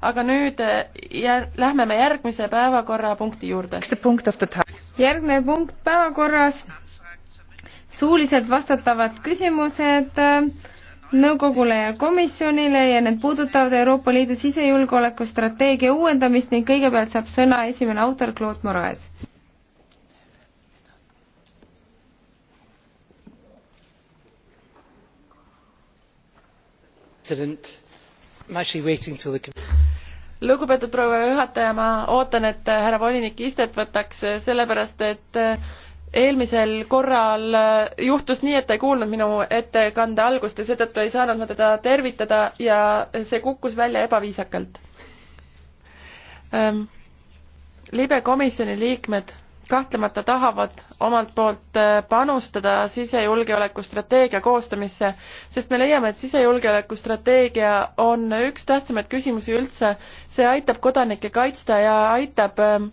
aga nüüd äh, jär, lähme me järgmise päevakorrapunkti juurde. järgmine punkt päevakorras, suuliselt vastatavad küsimused äh, nõukogule ja komisjonile ja need puudutavad Euroopa Liidu sisejulgeoleku strateegia uuendamist ning kõigepealt saab sõna esimene autor Claude Moraes. president i am actually waiting until the lugupeetud proua juhataja, ma ootan, et härra volinik istet võtaks, sellepärast et eh, eelmisel korral eh, juhtus nii, et ta ei kuulnud minu ettekande algust ja seetõttu ei saanud ma teda tervitada ja see kukkus välja ebaviisakalt ähm,. libe komisjoni liikmed kahtlemata tahavad omalt poolt äh, panustada sisejulgeoleku strateegia koostamisse, sest me leiame, et sisejulgeoleku strateegia on üks tähtsamaid küsimusi üldse. see aitab kodanikke kaitsta ja aitab ähm,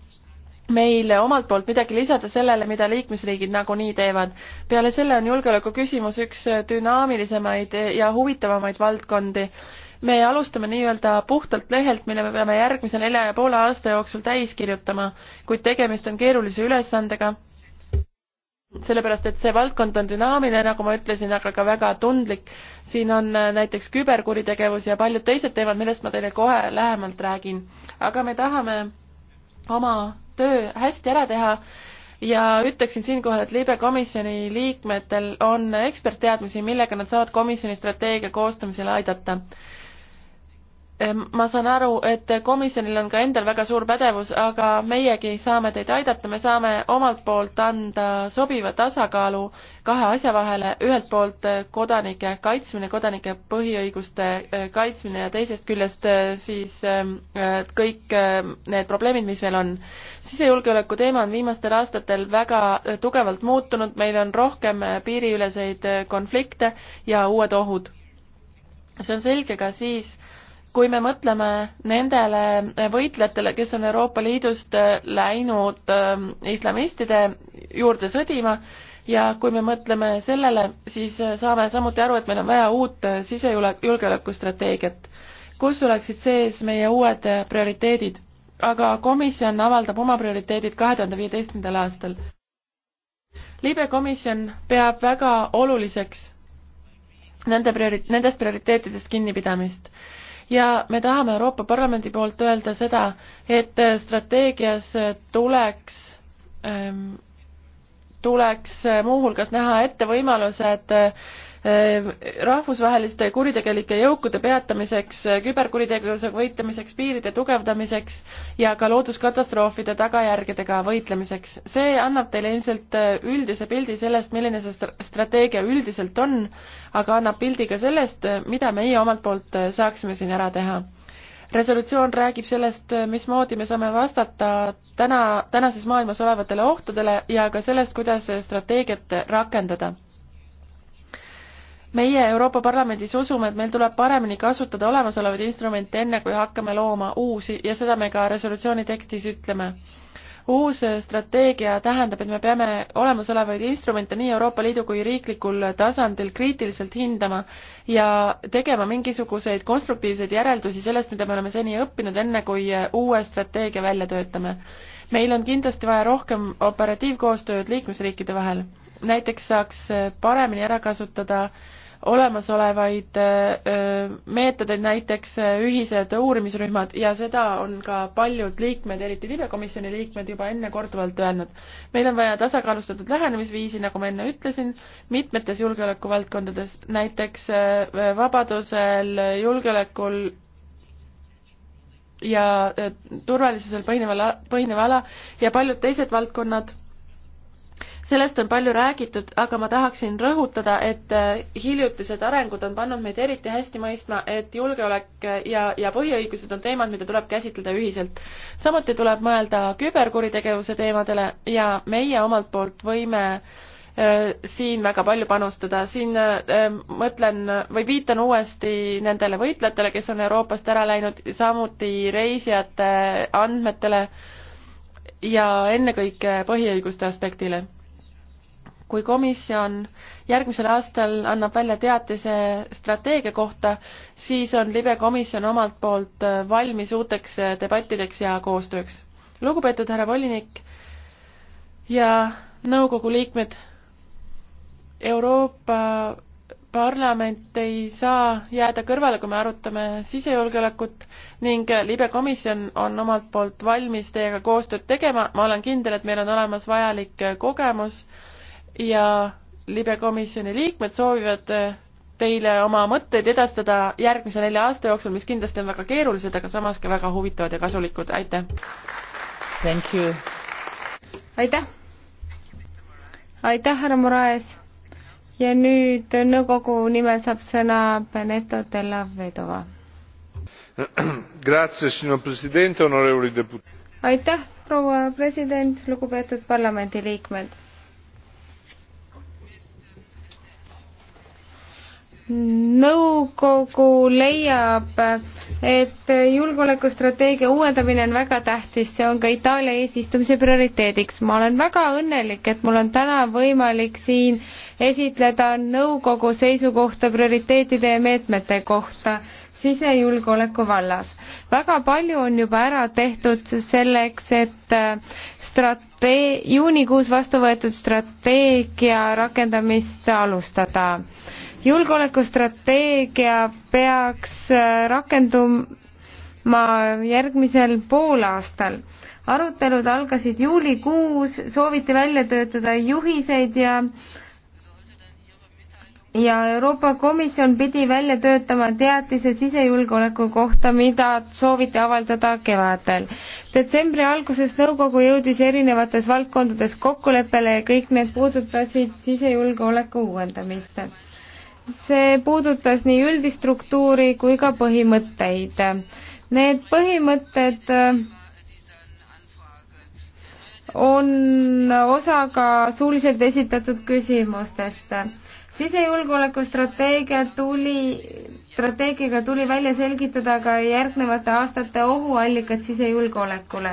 meil omalt poolt midagi lisada sellele, mida liikmesriigid nagunii teevad. peale selle on julgeoleku küsimus üks äh, dünaamilisemaid ja huvitavamaid valdkondi me alustame nii-öelda puhtalt lehelt, mille me peame järgmise nelja ja poole aasta jooksul täis kirjutama, kuid tegemist on keerulise ülesandega, sellepärast et see valdkond on dünaamiline, nagu ma ütlesin, aga ka väga tundlik. siin on äh, näiteks küberkuritegevus ja paljud teised teemad, millest ma teile kohe lähemalt räägin. aga me tahame oma töö hästi ära teha ja ütleksin siinkohal, et libe komisjoni liikmetel on ekspertteadmisi, millega nad saavad komisjoni strateegia koostamisel aidata Ehm, ma saan aru, et komisjonil on ka endal väga suur pädevus, aga meiegi saame teid aidata, me saame omalt poolt anda sobiva tasakaalu kahe asja vahele, ühelt poolt eh, kodanike kaitsmine, kodanike põhiõiguste eh, kaitsmine ja teisest küljest eh, siis ehm, kõik ehm, need probleemid, mis meil on. sisejulgeoleku teema on viimastel aastatel väga tugevalt muutunud, meil on rohkem piiriüleseid konflikte ja uued ohud. see on selge ka siis, kui me mõtleme nendele võitlejatele, kes on Euroopa Liidust äh, läinud ähm, islamistide juurde sõdima ja kui me mõtleme sellele, siis äh, saame samuti aru, et meil on vaja uut äh, sisejulgeolekustrateegiat, kus oleksid sees meie uued prioriteedid. aga komisjon avaldab oma prioriteedid kahe tuhande viieteistkümnendal aastal. libe komisjon peab väga oluliseks nende priori-, nendest prioriteetidest kinnipidamist ja me tahame Euroopa Parlamendi poolt öelda seda, et strateegias tuleks ähm, tuleks äh, muuhulgas näha ette võimalused et äh, Ehm, rahvusvaheliste kuritegelike jõukude peatamiseks, eh, küberkuritegevuse võitlemiseks, piiride tugevdamiseks ja ka looduskatastroofide tagajärgedega võitlemiseks. see annab teile ilmselt eh, üldise pildi sellest, milline see strateegia üldiselt on, aga annab pildi ka sellest, eh, mida meie omalt poolt saaksime siin ära teha resolutsioon räägib sellest, mismoodi me saame vastata täna, tänases maailmas olevatele ohtudele ja ka sellest, kuidas strateegiat rakendada meie Euroopa Parlamendis usume, et meil tuleb paremini kasutada olemasolevaid instrumente, enne kui hakkame looma uusi ja seda me ka resolutsiooni tekstis ütleme. uus strateegia tähendab, et me peame olemasolevaid instrumente nii Euroopa Liidu kui riiklikul tasandil kriitiliselt hindama ja tegema mingisuguseid konstruktiivseid järeldusi sellest, mida me oleme seni õppinud, enne kui uue strateegia välja töötame meil on kindlasti vaja rohkem operatiivkoostööd liikmesriikide vahel. näiteks saaks äh, paremini ära kasutada olemasolevaid äh, äh, meetodeid, näiteks ühised uurimisrühmad ja seda on ka paljud liikmed, eriti libekomisjoni liikmed juba enne korduvalt öelnud. meil on vaja tasakaalustatud lähenemisviisi, nagu ma enne ütlesin, mitmetes julgeolekuvaldkondades, näiteks vabadusel, julgeolekul ja äh, turvalisusel põhineval, põhinev ala ja paljud teised valdkonnad. sellest on palju räägitud, aga ma tahaksin rõhutada, et äh, hiljutised arengud on pannud meid eriti hästi mõistma, et julgeolek äh, ja, ja põhiõigused on teemad, mida tuleb käsitleda ühiselt. samuti tuleb mõelda küberkuritegevuse teemadele ja meie omalt poolt võime äh, Äh, siin väga palju panustada, siin äh, mõtlen või viitan uuesti nendele võitlejatele, kes on Euroopast ära läinud, samuti reisijate andmetele ja ennekõike põhiõiguste aspektile. kui komisjon järgmisel aastal annab välja teatise strateegia kohta, siis on libe komisjon omalt poolt valmis uuteks debattideks ja koostööks. lugupeetud härra volinik ja nõukogu liikmed, Euroopa Parlament ei saa jääda kõrvale, kui me arutame sisejulgeolekut ning libe komisjon on omalt poolt valmis teiega koostööd tegema, ma olen kindel, et meil on olemas vajalik kogemus ja libe komisjoni liikmed soovivad teile oma mõtteid edastada järgmise nelja aasta jooksul, mis kindlasti on väga keerulised, aga samas ka väga huvitavad ja kasulikud, aitäh! aitäh! aitäh, härra Moraes! ja nüüd nõukogu nimel saab sõna Benedetto della Vedova. aitäh, proua president, lugupeetud parlamendiliikmed. nõukogu leiab et julgeolekustrateegia uuendamine on väga tähtis, see on ka Itaalia eesistumise prioriteediks. ma olen väga õnnelik, et mul on täna võimalik siin esitleda nõukogu seisukohta prioriteetide ja meetmete kohta sisejulgeoleku vallas. väga palju on juba ära tehtud selleks, et äh, strate-, juunikuus vastu võetud strateegia rakendamist alustada julgeolekustrateegia peaks äh, rakenduma järgmisel poolaastal. arutelud algasid juulikuus, sooviti välja töötada juhiseid ja ja Euroopa Komisjon pidi välja töötama teatise sisejulgeoleku kohta, mida sooviti avaldada kevadel. detsembri alguses nõukogu jõudis erinevates valdkondades kokkuleppele ja kõik need puudutasid sisejulgeoleku uuendamist see puudutas nii üldist struktuuri kui ka põhimõtteid. Need põhimõtted äh, on osa ka suuliselt esitatud küsimustest. sisejulgeoleku strateegia tuli, strateegiaga tuli välja selgitada ka järgnevate aastate ohuallikad sisejulgeolekule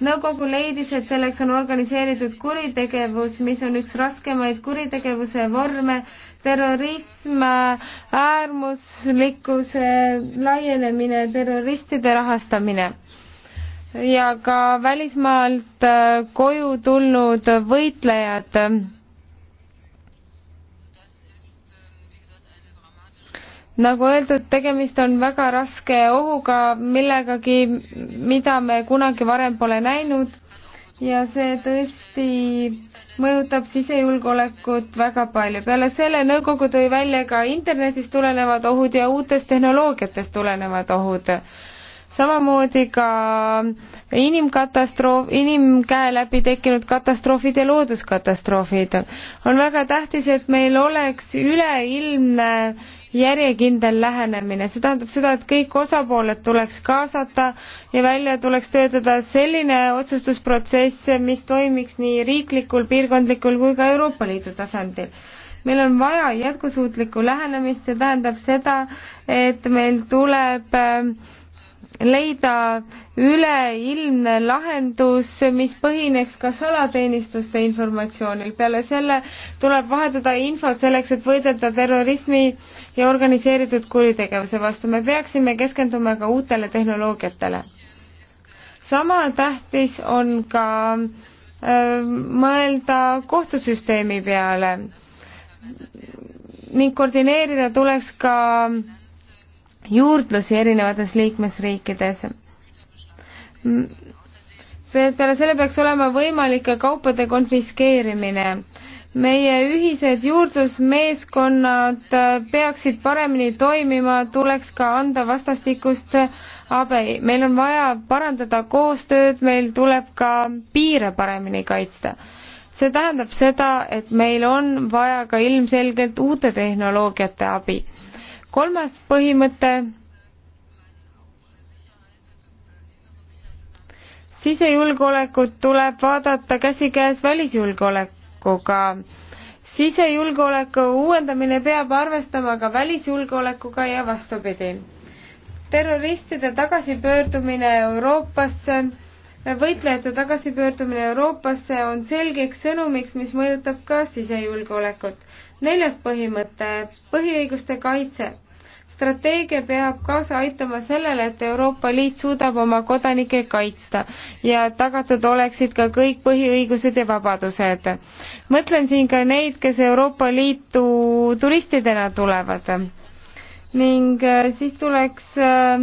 nõukogu leidis, et selleks on organiseeritud kuritegevus, mis on üks raskemaid kuritegevuse vorme terrorism, äärmuslikkuse laienemine, terroristide rahastamine ja ka välismaalt äh, koju tulnud võitlejad. nagu öeldud, tegemist on väga raske ohuga, millegagi, mida me kunagi varem pole näinud ja see tõesti mõjutab sisejulgeolekut väga palju. peale selle nõukogu tõi välja ka internetist tulenevad ohud ja uutest tehnoloogiatest tulenevad ohud. samamoodi ka inimkatastroof, inimkäe läbi tekkinud katastroofid ja looduskatastroofid. on väga tähtis, et meil oleks üleilmne järjekindel lähenemine, see tähendab seda, et kõik osapooled tuleks kaasata ja välja tuleks töötada selline otsustusprotsess, mis toimiks nii riiklikul, piirkondlikul kui ka Euroopa Liidu tasandil meil on vaja jätkusuutlikku lähenemist, see tähendab seda, et meil tuleb äh, leida üleilmne lahendus, mis põhineks ka salateenistuste informatsioonil. peale selle tuleb vahetada infot selleks, et võidelda terrorismi ja organiseeritud kuritegevuse vastu. me peaksime keskenduma ka uutele tehnoloogiatele. sama tähtis on ka öö, äh, mõelda kohtusüsteemi peale ning koordineerida tuleks ka öö, juurdlusi erinevates liikmesriikides. peale selle peaks olema võimalik ka kaupade konfiskeerimine meie ühised juurdlusmeeskonnad äh, peaksid paremini toimima, tuleks ka anda vastastikust äh, abi. meil on vaja parandada koostööd, meil tuleb ka piire paremini kaitsta. see tähendab seda, et meil on vaja ka ilmselgelt uute tehnoloogiate abi kolmas põhimõte, sisejulgeolekut tuleb vaadata käsikäes välisjulgeolekuga. sisejulgeoleku uuendamine peab arvestama ka välisjulgeolekuga ja vastupidi. terroristide tagasipöördumine Euroopasse võitlejate tagasipöördumine Euroopasse on selgeks sõnumiks, mis mõjutab ka sisejulgeolekut neljas põhimõte, põhiõiguste kaitse. strateegia peab kaasa aitama sellele, et Euroopa Liit suudab oma kodanikke kaitsta ja tagatud oleksid ka kõik põhiõigused ja vabadused. mõtlen siin ka neid, kes Euroopa Liitu turistidena tulevad. ning äh, siis tuleks äh,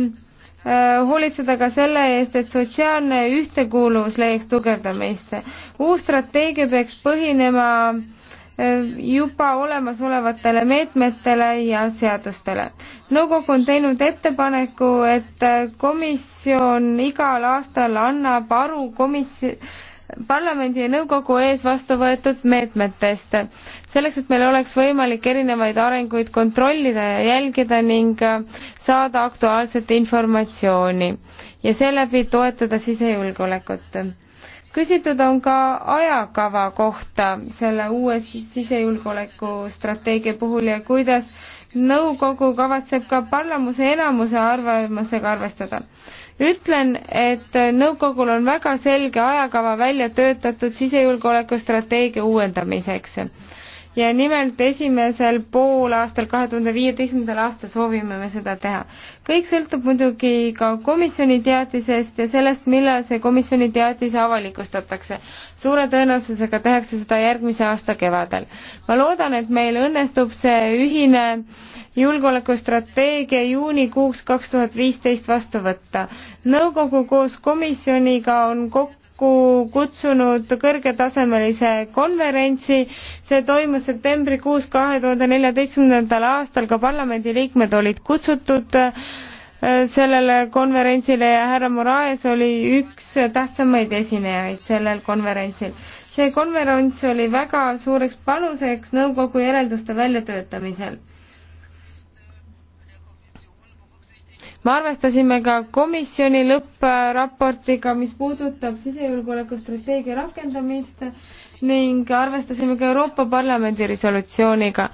äh, hoolitseda ka selle eest, et sotsiaalne ühtekuuluvus leiaks tugevdamist. uus strateegia peaks põhinema äh, juba olemasolevatele meetmetele ja seadustele. nõukogu on teinud ettepaneku, et komisjon igal aastal annab aru komis-, parlamendi ja nõukogu ees vastu võetud meetmetest, selleks et meil oleks võimalik erinevaid arenguid kontrollida ja jälgida ning saada aktuaalset informatsiooni ja seeläbi toetada sisejulgeolekut küsitud on ka ajakava kohta selle uue sisejulgeoleku strateegia puhul ja kuidas nõukogu kavatseb ka parlamuse enamuse arvamusega arvestada. ütlen, et nõukogul on väga selge ajakava välja töötatud sisejulgeoleku strateegia uuendamiseks ja nimelt esimesel poolaastal, kahe tuhande viieteistkümnendal aastal soovime me seda teha. kõik sõltub muidugi ka komisjoni teatisest ja sellest, millal see komisjoni teatis avalikustatakse. suure tõenäosusega tehakse seda järgmise aasta kevadel. ma loodan, et meil õnnestub see ühine julgeolekustrateegia juunikuuks kaks tuhat viisteist vastu võtta. nõukogu koos komisjoniga on kokku kokku kutsunud kõrgetasemelise konverentsi. see toimus septembrikuus kahe tuhande neljateistkümnendal aastal, ka parlamendiliikmed olid kutsutud äh, sellele konverentsile ja härra Moraes oli üks tähtsamaid esinejaid sellel konverentsil. see konverents oli väga suureks panuseks nõukogu järelduste väljatöötamisel me arvestasime ka komisjoni lõppraportiga, mis puudutab sisejulgeoleku strateegia rakendamist ning arvestasime ka Euroopa Parlamendi resolutsiooniga.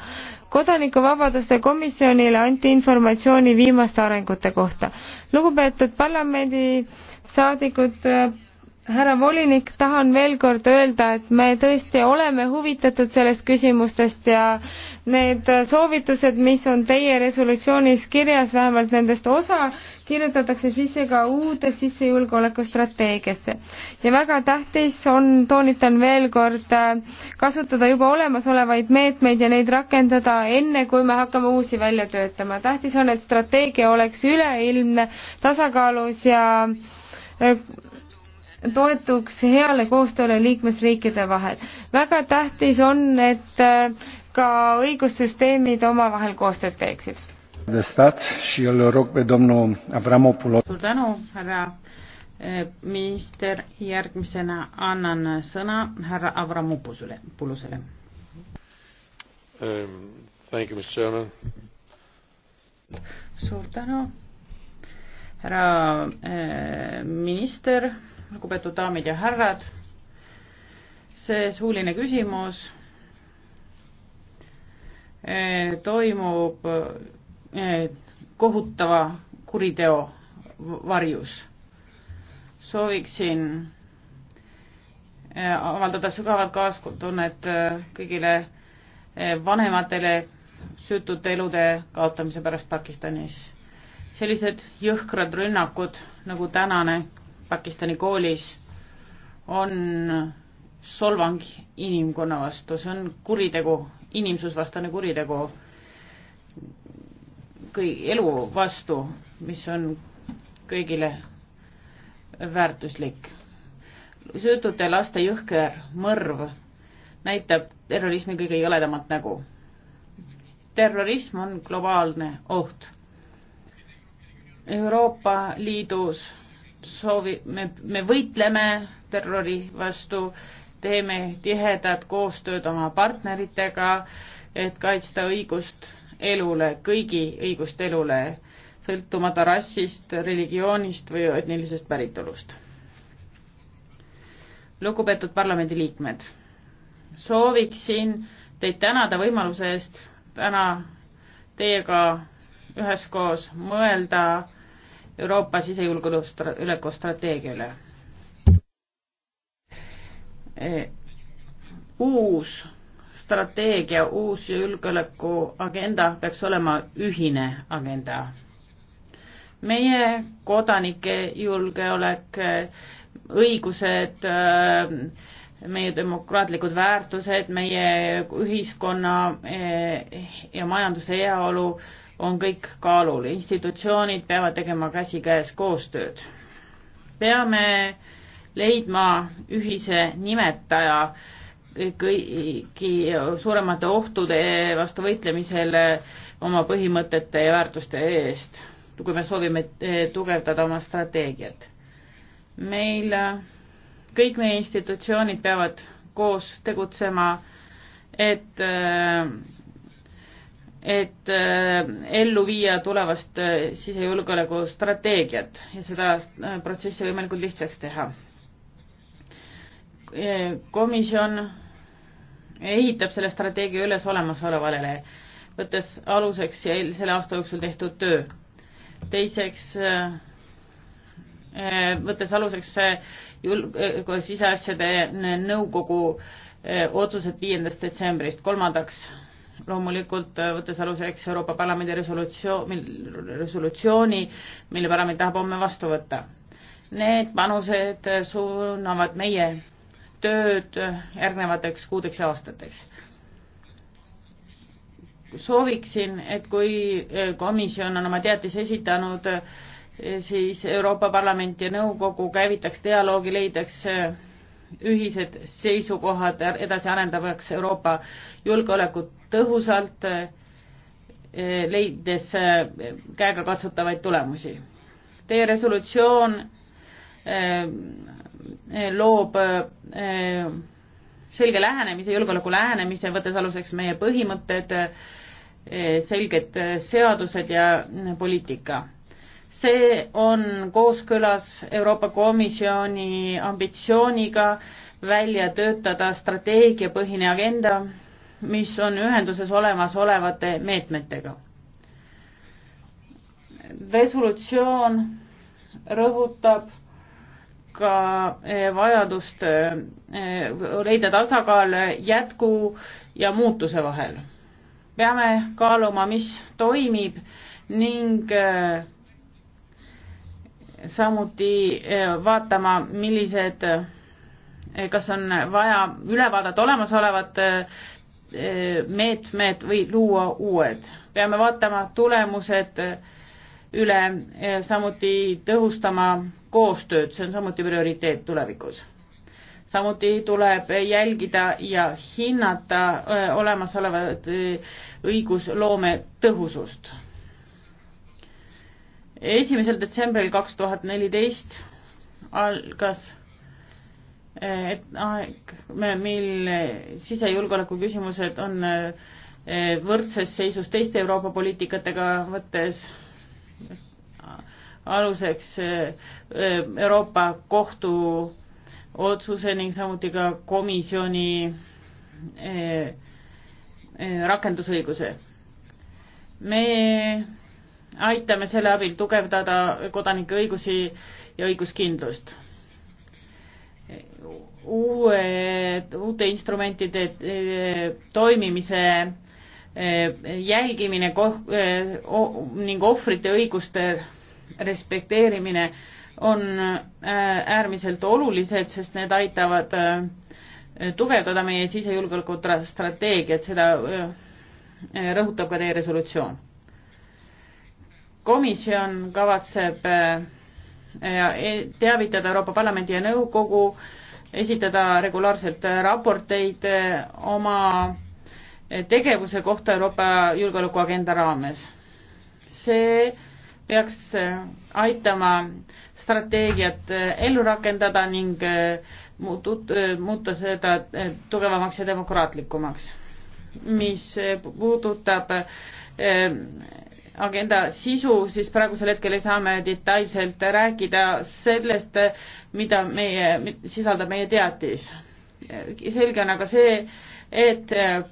kodanikuvabaduste komisjonile anti informatsiooni viimaste arengute kohta. lugupeetud parlamendisaadikud, härra volinik, tahan veel kord öelda, et me tõesti oleme huvitatud sellest küsimustest ja need soovitused, mis on teie resolutsioonis kirjas, vähemalt nendest osa, kirjutatakse sisse ka uude sissejulgeolekustrateegiasse. ja väga tähtis on, toonitan veel kord, kasutada juba olemasolevaid meetmeid ja neid rakendada enne, kui me hakkame uusi välja töötama. tähtis on, et strateegia oleks üleilmne, tasakaalus ja toetuks heale koostööle liikmesriikide vahel. väga tähtis on, et äh, ka õigussüsteemid omavahel koostööd teeksid. suur tänu, härra äh, minister, järgmisena annan sõna härra Avramopoulosele, Pulusele um,. Thank you, Mr Chairman. suur tänu, härra äh, minister lugupeetud daamid ja härrad, see suuline küsimus eh, toimub eh, kohutava kuriteo varjus. sooviksin eh, avaldada sügavat kaastunnet kõigile vanematele süütute elude kaotamise pärast Pakistanis. sellised jõhkrad rünnakud nagu tänane Pakistani koolis on solvang inimkonna vastu, see on kuritegu, inimsusvastane kuritegu kõi-, elu vastu, mis on kõigile väärtuslik. söötute laste jõhker mõrv näitab terrorismi kõige jõledamat nägu. terrorism on globaalne oht. Euroopa Liidus soovi, me, me võitleme terrori vastu, teeme tihedat koostööd oma partneritega, et kaitsta õigust elule, kõigi õigust elule, sõltumata rassist, religioonist või etnilisest päritolust. lugupeetud parlamendiliikmed, sooviksin teid tänada võimaluse eest täna teiega üheskoos mõelda Euroopa sisejulgeoleku strateegia üle. E, uus strateegia, uus julgeolekuagenda peaks olema ühine agenda. meie kodanike julgeolek, õigused, e, meie demokraatlikud väärtused, meie ühiskonna e, ja majanduse heaolu on kõik kaalul, institutsioonid peavad tegema käsikäes koostööd. peame leidma ühise nimetaja kõigi suuremate ohtude vastu võitlemisel oma põhimõtete ja väärtuste eest, kui me soovime eh, tugevdada oma strateegiat. meil, eh, kõik meie institutsioonid peavad koos tegutsema, et eh, et äh, ellu viia tulevast äh, sisejulgeoleku strateegiat ja seda äh, protsessi võimalikult lihtsaks teha. komisjon ehitab selle strateegia üles olemasolevale, võttes aluseks selle aasta jooksul tehtud töö. teiseks, võttes aluseks julg-, siseasjade nõukogu otsused viiendast detsembrist, kolmandaks loomulikult äh, võttes aluseks Euroopa Parlamendi resolutsioon, resolutsiooni, mille parlament tahab homme vastu võtta. Need panused suunavad meie tööd järgnevateks kuudeks ja aastateks. sooviksin, et kui äh, komisjon on oma teatise esitanud, äh, siis Euroopa Parlament ja Nõukogu käivitaks dialoogi, leidaks ühised seisukohad edasi arendavaks Euroopa julgeolekut tõhusalt, eh, leides eh, käegakatsutavaid tulemusi. Teie resolutsioon eh, loob selge lähenemise, julgeoleku lähenemise, võttes aluseks meie põhimõtted, selged seadused ja poliitika see on kooskõlas Euroopa Komisjoni ambitsiooniga välja töötada strateegiapõhine agenda, mis on ühenduses olemasolevate meetmetega. resolutsioon rõhutab ka eh, vajadust eh, leida tasakaal jätku ja muutuse vahel. peame kaaluma, mis toimib ning eh, samuti eh, vaatama, millised, eh, kas on vaja üle vaadata olemasolevad eh, meetmed või luua uued. peame vaatama tulemused üle, samuti tõhustama koostööd, see on samuti prioriteet tulevikus. samuti tuleb jälgida ja hinnata olemasolevat õigusloome tõhusust esimesel detsembril kaks tuhat neliteist algas eh, aeg, mil eh, sisejulgeoleku küsimused on eh, võrdses seisus teiste Euroopa poliitikatega, võttes aluseks Euroopa Kohtu otsuse ning samuti ka komisjoni rakendusõiguse. me aitame selle abil tugevdada kodanike õigusi ja õiguskindlust. uued, uute instrumentide eh, toimimise eh, jälgimine koh-, eh, ning ohvrite õiguste respekteerimine on äärmiselt olulised, sest need aitavad tugevdada meie sisejulgeoleku strateegiat, seda rõhutab ka teie resolutsioon komisjon kavatseb äh, e, teavitada Euroopa Parlamendi ja Nõukogu, esitada regulaarselt raporteid äh, oma äh, tegevuse kohta Euroopa julgeolekuagenda raames. see peaks aitama strateegiat ellu rakendada ning muuta seda tugevamaks ja demokraatlikumaks. mis puudutab agenda sisu, siis praegusel hetkel ei saa me detailselt rääkida sellest, mida meie, sisaldab meie teatis. selge on aga see, et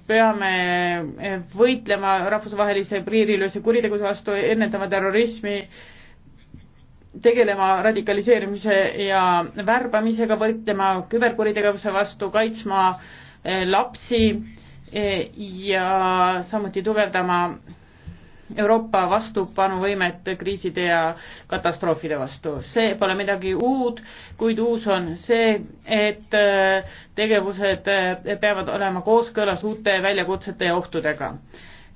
peame võitlema rahvusvahelise piiriülese kuritegevuse vastu, ennetama terrorismi, tegelema radikaliseerimise ja värbamisega, võitlema küberkuritegevuse vastu, kaitsma lapsi ja samuti tugevdama Euroopa vastupanuvõimet kriiside ja katastroofide vastu. see pole midagi uut, kuid uus on see, et äh, tegevused äh, peavad olema kooskõlas uute väljakutsete ja ohtudega.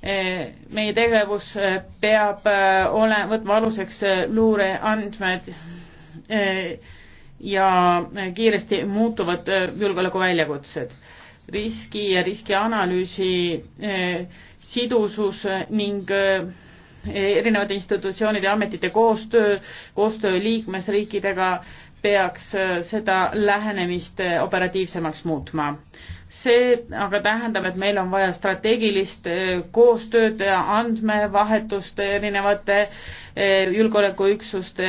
Äh, meie tegevus peab ole-, võtma aluseks luureandmed ja kiiresti muutuvad julgeolekuväljakutsed riski ja riskianalüüsi sidusus ning eh, erinevate institutsioonide ja ametite koostöö, koostöö liikmesriikidega peaks eh, seda lähenemist eh, operatiivsemaks muutma. see aga tähendab, et meil on vaja strateegilist koostööd ja andmevahetust erinevate julgeolekuüksuste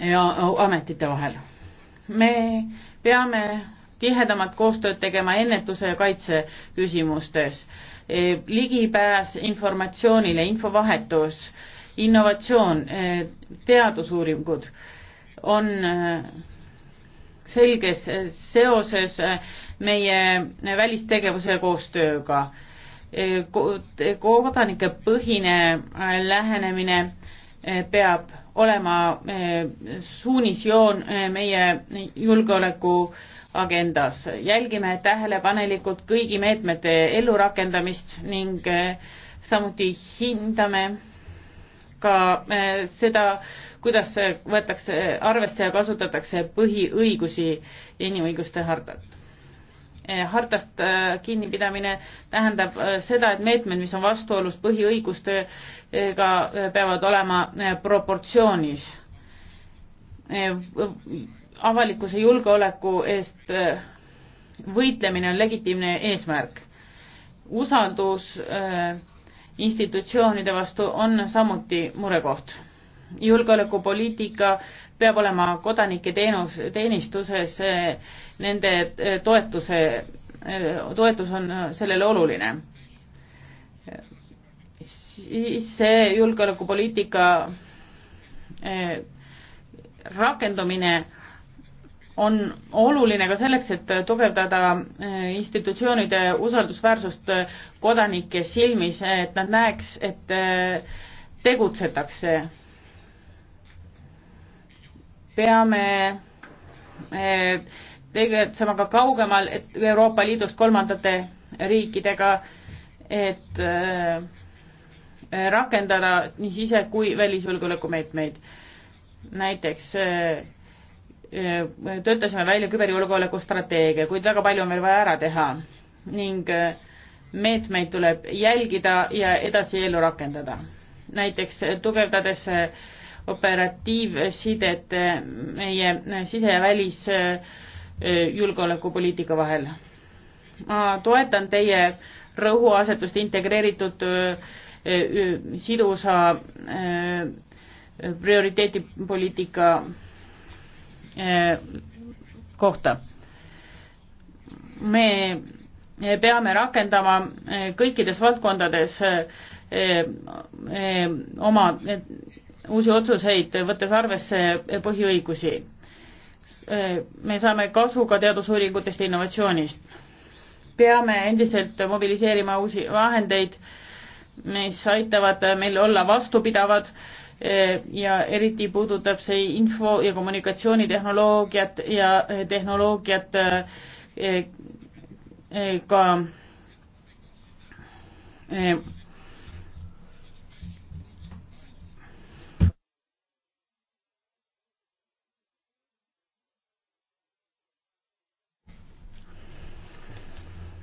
ja ametite vahel. me peame tihedamat koostööd tegema ennetuse ja kaitse küsimustes Eh, ligipääs informatsioonile, infovahetus, innovatsioon, eh, teadusuuringud on eh, selges seoses meie välistegevuse koostööga. kodanike põhine lähenemine peab olema suunisjoon meie julgeoleku agendas. jälgime tähelepanelikult kõigi meetmete ellurakendamist ning eh, samuti hindame ka eh, seda, kuidas võetakse arvesse ja kasutatakse põhiõigusi ja inimõiguste hartat. Eh, hartast kinnipidamine tähendab seda, et meetmed, mis on vastuolus põhiõigustega, peavad olema proportsioonis avalikkuse julgeoleku eest äh, võitlemine on legitiimne eesmärk. usaldus äh, institutsioonide vastu on samuti murekoht. julgeolekupoliitika peab olema kodanike teenus, teenistuses, äh, nende toetuse, toetus on sellele oluline. siis see julgeolekupoliitika rakendumine on oluline ka selleks, et tugevdada äh, institutsioonide usaldusväärsust äh, kodanike silmis, et nad näeks, et äh, tegutsetakse. peame tegutsema ka kaugemal Euroopa Liidust kolmandate riikidega, et rakendada nii sise- kui välisjulgeolekumeetmeid. näiteks Äh, töötasime välja küberjulgeoleku strateegia, kuid väga palju on veel vaja ära teha ning äh, meetmeid tuleb jälgida ja edasi ellu rakendada. näiteks äh, tugevdades operatiivsidet meie sise- ja välisjulgeolekupoliitika vahel. ma toetan teie rõhuasetust integreeritud sidusa prioriteetipoliitika Äh, kohta. me peame rakendama äh, kõikides valdkondades äh, oma uusi otsuseid, võttes arvesse põhiõigusi. me saame kasu ka teadusuuringutest ja innovatsioonist. peame endiselt mobiliseerima uusi vahendeid, mis aitavad meil olla vastupidavad Äh, ja eriti puudutab see info- ja kommunikatsioonitehnoloogiat ja äh, tehnoloogiat äh, ka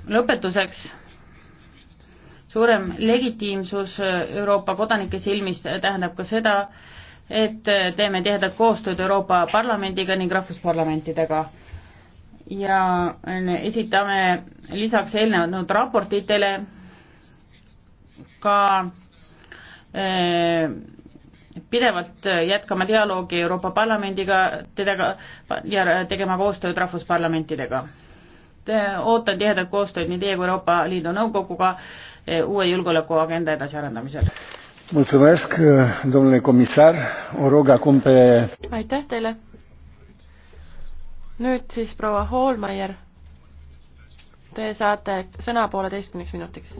lõpetuseks suurem legitiimsus äh, Euroopa kodanike silmis tähendab ka seda, et äh, teeme tihedat koostööd Euroopa Parlamendiga ning rahvusparlamentidega. ja äh, esitame lisaks eelnenud raportitele ka pidevalt jätkama dialoogi Euroopa Parlamendiga, tedega ja tegema koostööd rahvusparlamentidega. ootan tihedat koostööd nii teie kui Euroopa Liidu Nõukoguga uue julgeolekuagenda edasiarendamisel. aitäh teile. nüüd siis proua Hoolmeier. Te saate sõna pooleteistkümneks minutiks.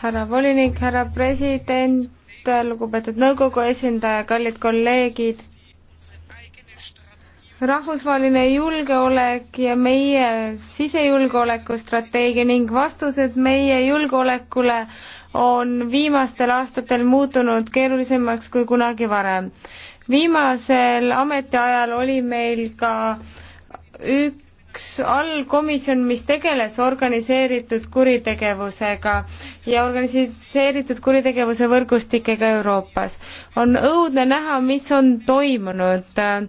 härra volinik, härra president, lugupeetud nõukogu esindaja, kallid kolleegid rahvusvaheline julgeolek ja meie sisejulgeolekustrateegia ning vastused meie julgeolekule on viimastel aastatel muutunud keerulisemaks kui kunagi varem. viimasel ametiajal oli meil ka üks allkomisjon, mis tegeles organiseeritud kuritegevusega ja organiseeritud kuritegevuse võrgustikega Euroopas. on õudne näha, mis on toimunud äh,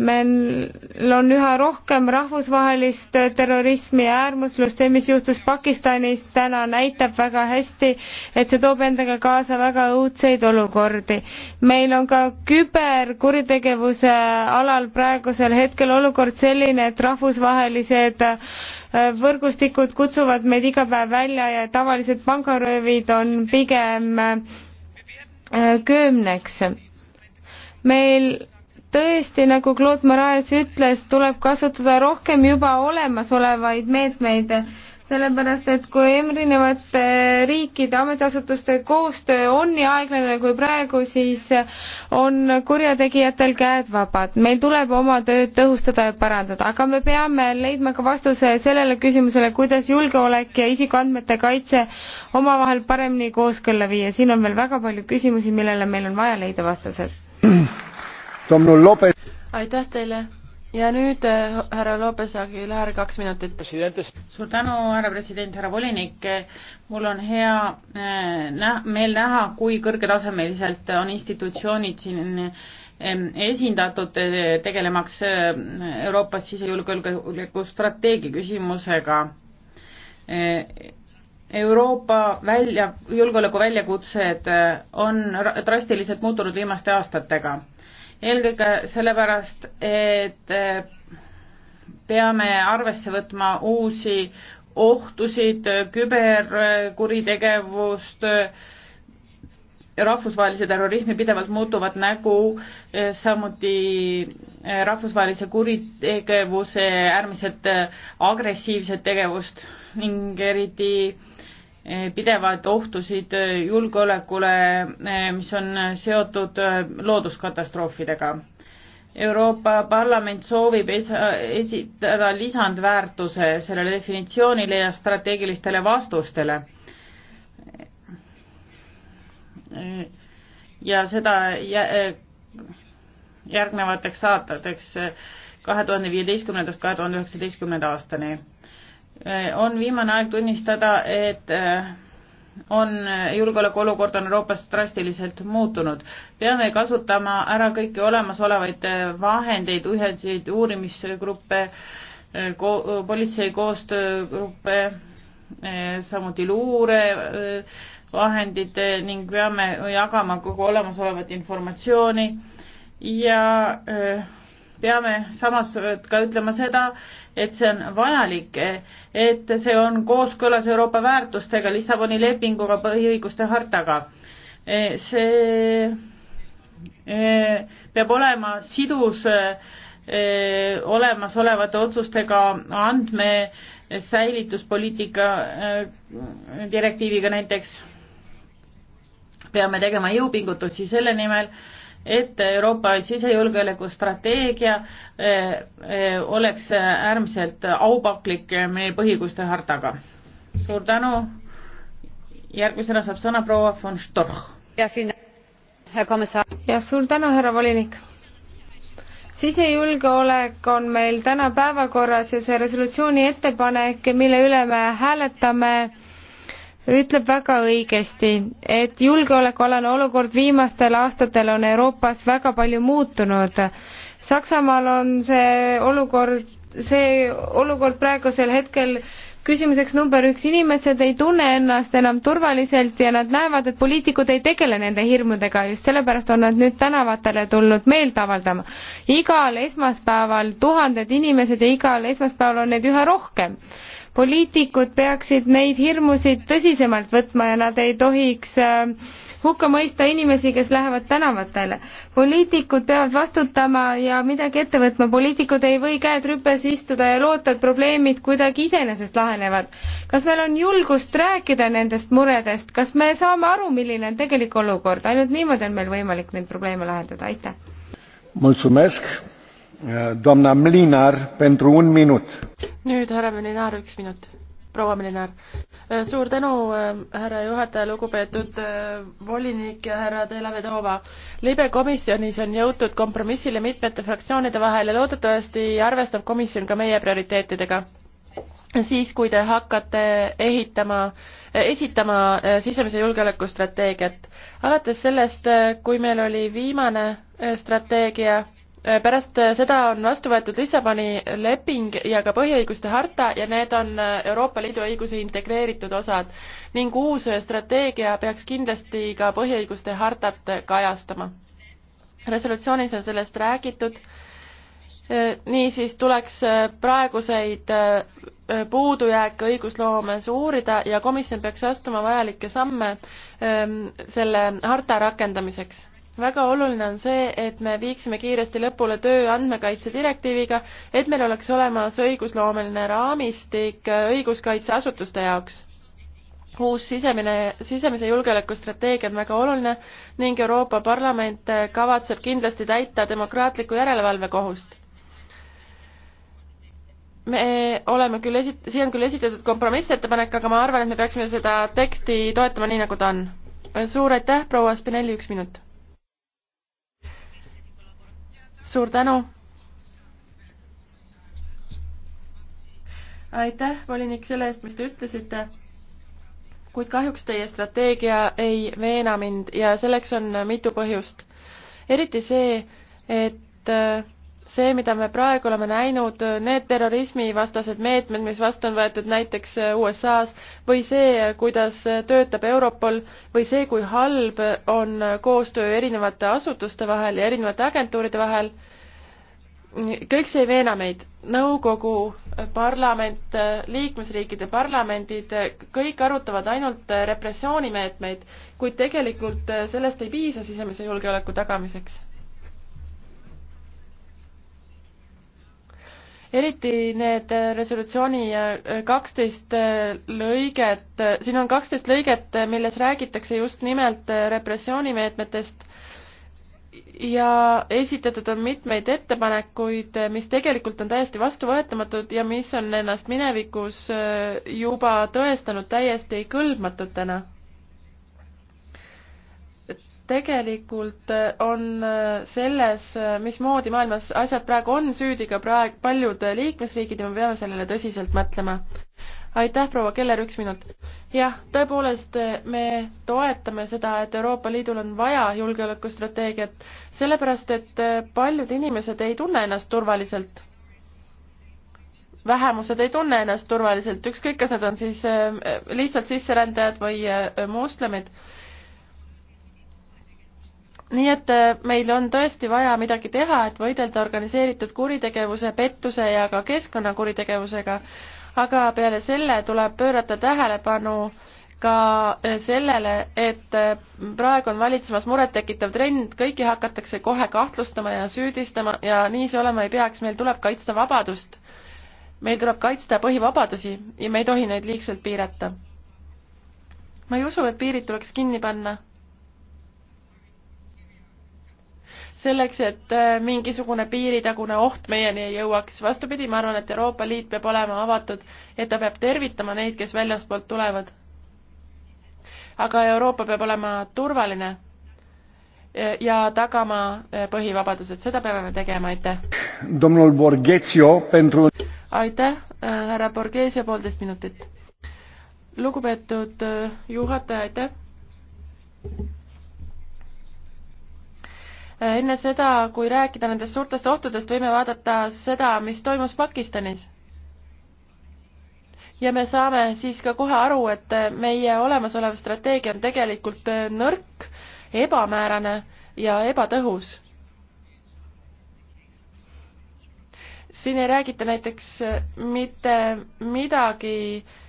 meil on üha rohkem rahvusvahelist terrorismi ja äärmuslust, see, mis juhtus Pakistanis täna, näitab väga hästi, et see toob endaga kaasa väga õudseid olukordi. meil on ka küberkuritegevuse alal praegusel hetkel olukord selline, et rahvusvahelised äh, võrgustikud kutsuvad meid iga päev välja ja tavalised pangaröövid on pigem äh, köömneks. meil tõesti, nagu Claude Moraes ütles, tuleb kasutada rohkem juba olemasolevaid meetmeid, sellepärast et kui erinevate riikide ametiasutuste koostöö on nii aeglane kui praegu, siis on kurjategijatel käed vabad. meil tuleb oma tööd tõhustada ja parandada, aga me peame leidma ka vastuse sellele küsimusele, kuidas julgeolek ja isikuandmete kaitse omavahel paremini kooskõlla viia. siin on veel väga palju küsimusi, millele meil on vaja leida vastused aitäh teile ja nüüd eh, härra Lopes Aguilar, kaks minutit. suur tänu, härra president, härra volinik. mul on hea eh, näha, meel näha, kui kõrgetasemeliselt on institutsioonid siin eh, esindatud, tegelemaks Euroopas sisejulgeoleku strateegia küsimusega. Euroopa välja, julgeoleku väljakutsed on drastiliselt muutunud viimaste aastatega eelkõige sellepärast, et eh, peame arvesse võtma uusi ohtusid, küberkuritegevust, eh, rahvusvahelise terrorismi pidevalt muutuvat nägu, eh, samuti rahvusvahelise kuritegevuse äärmiselt agressiivset tegevust ning eriti äh, Eh, pidevaid ohtusid eh, julgeolekule, eh, mis on seotud looduskatastroofidega. Euroopa Parlament soovib esitada lisandväärtuse sellele definitsioonile ja strateegilistele vastustele. ja seda järgnevateks aastateks kahe tuhande viieteistkümnendast kahe tuhande üheksateistkümnenda aastani Äh, on viimane aeg tunnistada, et äh, on, äh, julgeolekuolukord on Euroopas drastiliselt muutunud. peame kasutama ära kõiki olemasolevaid vahendeid, ühendasid uurimisgruppe, ko-, politsei koostöögruppe, samuti luurevahendid ning peame jagama kogu olemasolevat informatsiooni ja peame samas ka ütlema seda, et see on vajalik, et see on kooskõlas Euroopa väärtustega, Lissaboni lepinguga, põhiõiguste hartaga. see eh, peab olema sidus eh, olemasolevate otsustega andmesäilituspoliitika eh, direktiiviga näiteks. peame tegema jõupingutusi selle nimel, et Euroopa sisejulgeolekustrateegia eh, eh, oleks äärmiselt aupaklik meie põhiõiguste hartaga. suur tänu. järgmisena saab sõna proua von Storch. jah, suur tänu, härra volinik sisejulgeolek on meil täna päevakorras ja see resolutsiooni ettepanek, mille üle me hääletame, ütleb väga õigesti, et julgeolekualane olukord viimastel aastatel on Euroopas väga palju muutunud. Saksamaal on see olukord, see olukord praegusel hetkel küsimuseks number üks, inimesed ei tunne ennast enam turvaliselt ja nad näevad, et poliitikud ei tegele nende hirmudega, just sellepärast on nad nüüd tänavatele tulnud meelt avaldama. igal esmaspäeval tuhanded inimesed ja igal esmaspäeval on neid üha rohkem poliitikud peaksid neid hirmusid tõsisemalt võtma ja nad ei tohiks äh, hukka mõista inimesi, kes lähevad tänavatele. poliitikud peavad vastutama ja midagi ette võtma, poliitikud ei või käed rüpes istuda ja loota, et probleemid kuidagi iseenesest lahenevad. kas meil on julgust rääkida nendest muredest, kas me saame aru, milline on tegelik olukord, ainult niimoodi on meil võimalik neid probleeme lahendada, aitäh! mulțumesc Eh, doamna Mlinar pentru un minut. nüüd härra Mlinar, üks minut. proua Mlinar. Eh, suur tänu, eh, härra juhataja, lugupeetud volinik ja härra Delavedova. libe komisjonis on jõutud kompromissile mitmete fraktsioonide vahel ja loodetavasti arvestab komisjon ka meie prioriteetidega siis, kui te hakkate ehitama, esitama sisemise julgeoleku strateegiat. alates sellest, kui meil oli viimane strateegia, Äh, pärast äh, seda on vastu võetud Lissaboni leping ja ka põhiõiguste harta ja need on äh, Euroopa Liidu õiguse integreeritud osad ning uus strateegia peaks kindlasti ka põhiõiguste hartat kajastama. resolutsioonis on sellest räägitud, niisiis tuleks praeguseid puudujääke õigusloomes uurida ja komisjon peaks astuma vajalikke samme ähm, selle harta rakendamiseks väga oluline on see, et me viiksime kiiresti lõpule töö andmekaitse direktiiviga, et meil oleks olemas õigusloomeline raamistik õiguskaitseasutuste jaoks. uus sisemine, sisemise julgeoleku strateegia on väga oluline ning Euroopa Parlament kavatseb kindlasti täita demokraatliku järelevalve kohust me oleme küll esit-, siia on küll esitatud kompromissettepanek, aga ma arvan, et me peaksime seda teksti toetama nii, nagu ta on. suur aitäh, proua Spinelli, üks minut suur tänu. aitäh, volinik, selle eest, mis te ütlesite. kuid kahjuks teie strateegia ei veena mind ja selleks on mitu põhjust. eriti see, et äh, see, mida me praegu oleme näinud, need terrorismivastased meetmed, mis vastu on võetud näiteks USA-s või see, kuidas töötab Europol või see, kui halb on koostöö erinevate asutuste vahel ja erinevate agentuuride vahel, kõik see ei veena meid. nõukogu, parlament, liikmesriikide parlamendid, kõik arutavad ainult repressioonimeetmeid, kuid tegelikult sellest ei piisa sisemise julgeoleku tagamiseks eriti need äh, resolutsiooni äh, kaksteist äh, lõiget, siin on kaksteist lõiget, milles räägitakse just nimelt repressioonimeetmetest ja esitatud on mitmeid ettepanekuid, mis tegelikult on täiesti vastuvõetamatud ja mis on ennast minevikus juba tõestanud täiesti kõlbmatutena tegelikult äh, on äh, selles, äh, mismoodi maailmas asjad praegu on, süüdi ka praegu paljud liikmesriigid ja me peame sellele tõsiselt mõtlema. aitäh, proua Keller, üks minut. jah, tõepoolest, me toetame seda, et Euroopa Liidul on vaja julgeolekustrateegiat, sellepärast et paljud inimesed ei tunne ennast turvaliselt vähemused ei tunne ennast turvaliselt, ükskõik, kas nad on siis lihtsalt sisserändajad või moslemid nii et äh, meil on tõesti vaja midagi teha, et võidelda organiseeritud kuritegevuse, pettuse ja ka keskkonnakuritegevusega, aga peale selle tuleb pöörata tähelepanu ka äh, sellele, et äh, praegu on valitsemas murettekitav trend, kõiki hakatakse kohe kahtlustama ja süüdistama ja nii see olema ei peaks, meil tuleb kaitsta vabadust. meil tuleb kaitsta põhivabadusi ja me ei tohi neid liigselt piirata. ma ei usu, et piirid tuleks kinni panna selleks, et äh, mingisugune piiritagune oht meieni ei jõuaks. vastupidi, ma arvan, et Euroopa Liit peab olema avatud, et ta peab tervitama neid, kes väljaspoolt tulevad. aga Euroopa peab olema turvaline äh, ja tagama äh, põhivabadused, seda peame me tegema, aitäh. Pentru... aitäh, härra Borghesio, poolteist minutit. lugupeetud juhataja, aitäh. Äh, enne seda, kui rääkida nendest suurtest ohtudest, võime vaadata seda, mis toimus Pakistanis. ja me saame siis ka kohe aru, et meie olemasolev strateegia on tegelikult äh, nõrk, ebamäärane ja ebatõhus. siin ei räägita näiteks äh, mitte midagi äh,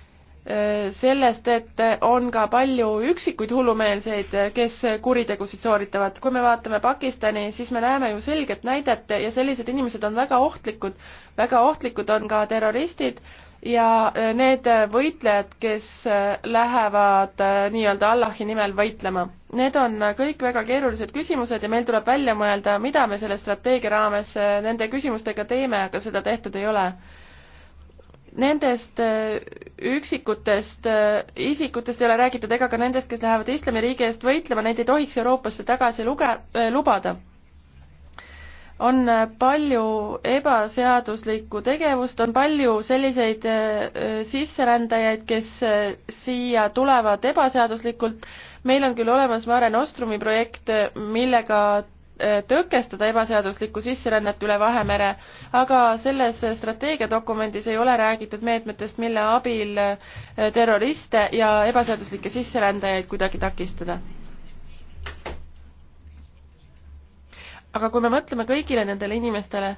Äh, sellest, et on ka palju üksikuid hullumeelseid, kes kuritegusid sooritavad. kui me vaatame Pakistani, siis me näeme ju selget näidet ja sellised inimesed on väga ohtlikud. väga ohtlikud on ka terroristid ja äh, need võitlejad, kes äh, lähevad nii-öelda Allahi nimel võitlema. Need on kõik väga keerulised küsimused ja meil tuleb välja mõelda, mida me selle strateegia raames nende küsimustega teeme, aga seda tehtud ei ole Nendest äh, üksikutest äh, isikutest ei ole räägitud ega ka nendest, kes lähevad islamiriigi eest võitlema, neid ei tohiks Euroopasse tagasi luge-, äh, lubada. on palju ebaseaduslikku tegevust, on palju selliseid sisserändajaid, kes siia tulevad ebaseaduslikult, meil on küll olemas Mare Nostrumi projekt, millega Äh, tõkestada ebaseaduslikku sisserännet üle Vahemere, aga selles strateegiadokumendis ei ole räägitud meetmetest, mille abil äh, terroriste ja ebaseaduslikke sisserändajaid kuidagi takistada. aga kui me mõtleme kõigile nendele inimestele,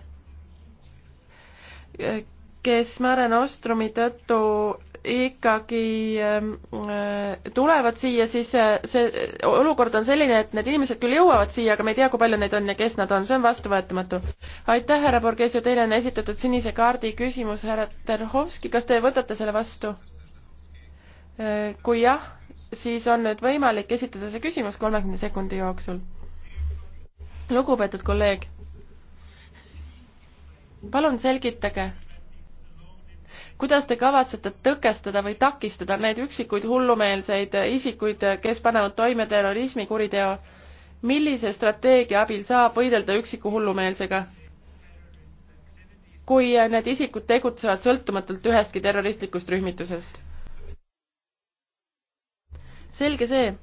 äh, kes Mare Nostrumi tõttu ikkagi ähm, äh, tulevad siia, siis äh, see olukord on selline, et need inimesed küll jõuavad siia, aga me ei tea, kui palju neid on ja kes nad on, see on vastuvõetamatu. aitäh, härra Borgesio, teile on esitatud sinise kaardi küsimus, härra Terhovski, kas te võtate selle vastu? Äh, kui jah, siis on nüüd võimalik esitada see küsimus kolmekümne sekundi jooksul. lugupeetud kolleeg, palun selgitage kuidas te kavatsete tõkestada või takistada neid üksikuid hullumeelseid isikuid, kes panevad toime terrorismikuriteo? millise strateegia abil saab võidelda üksiku hullumeelsega? kui need isikud tegutsevad sõltumatult ühestki terroristlikust rühmitusest. selge see,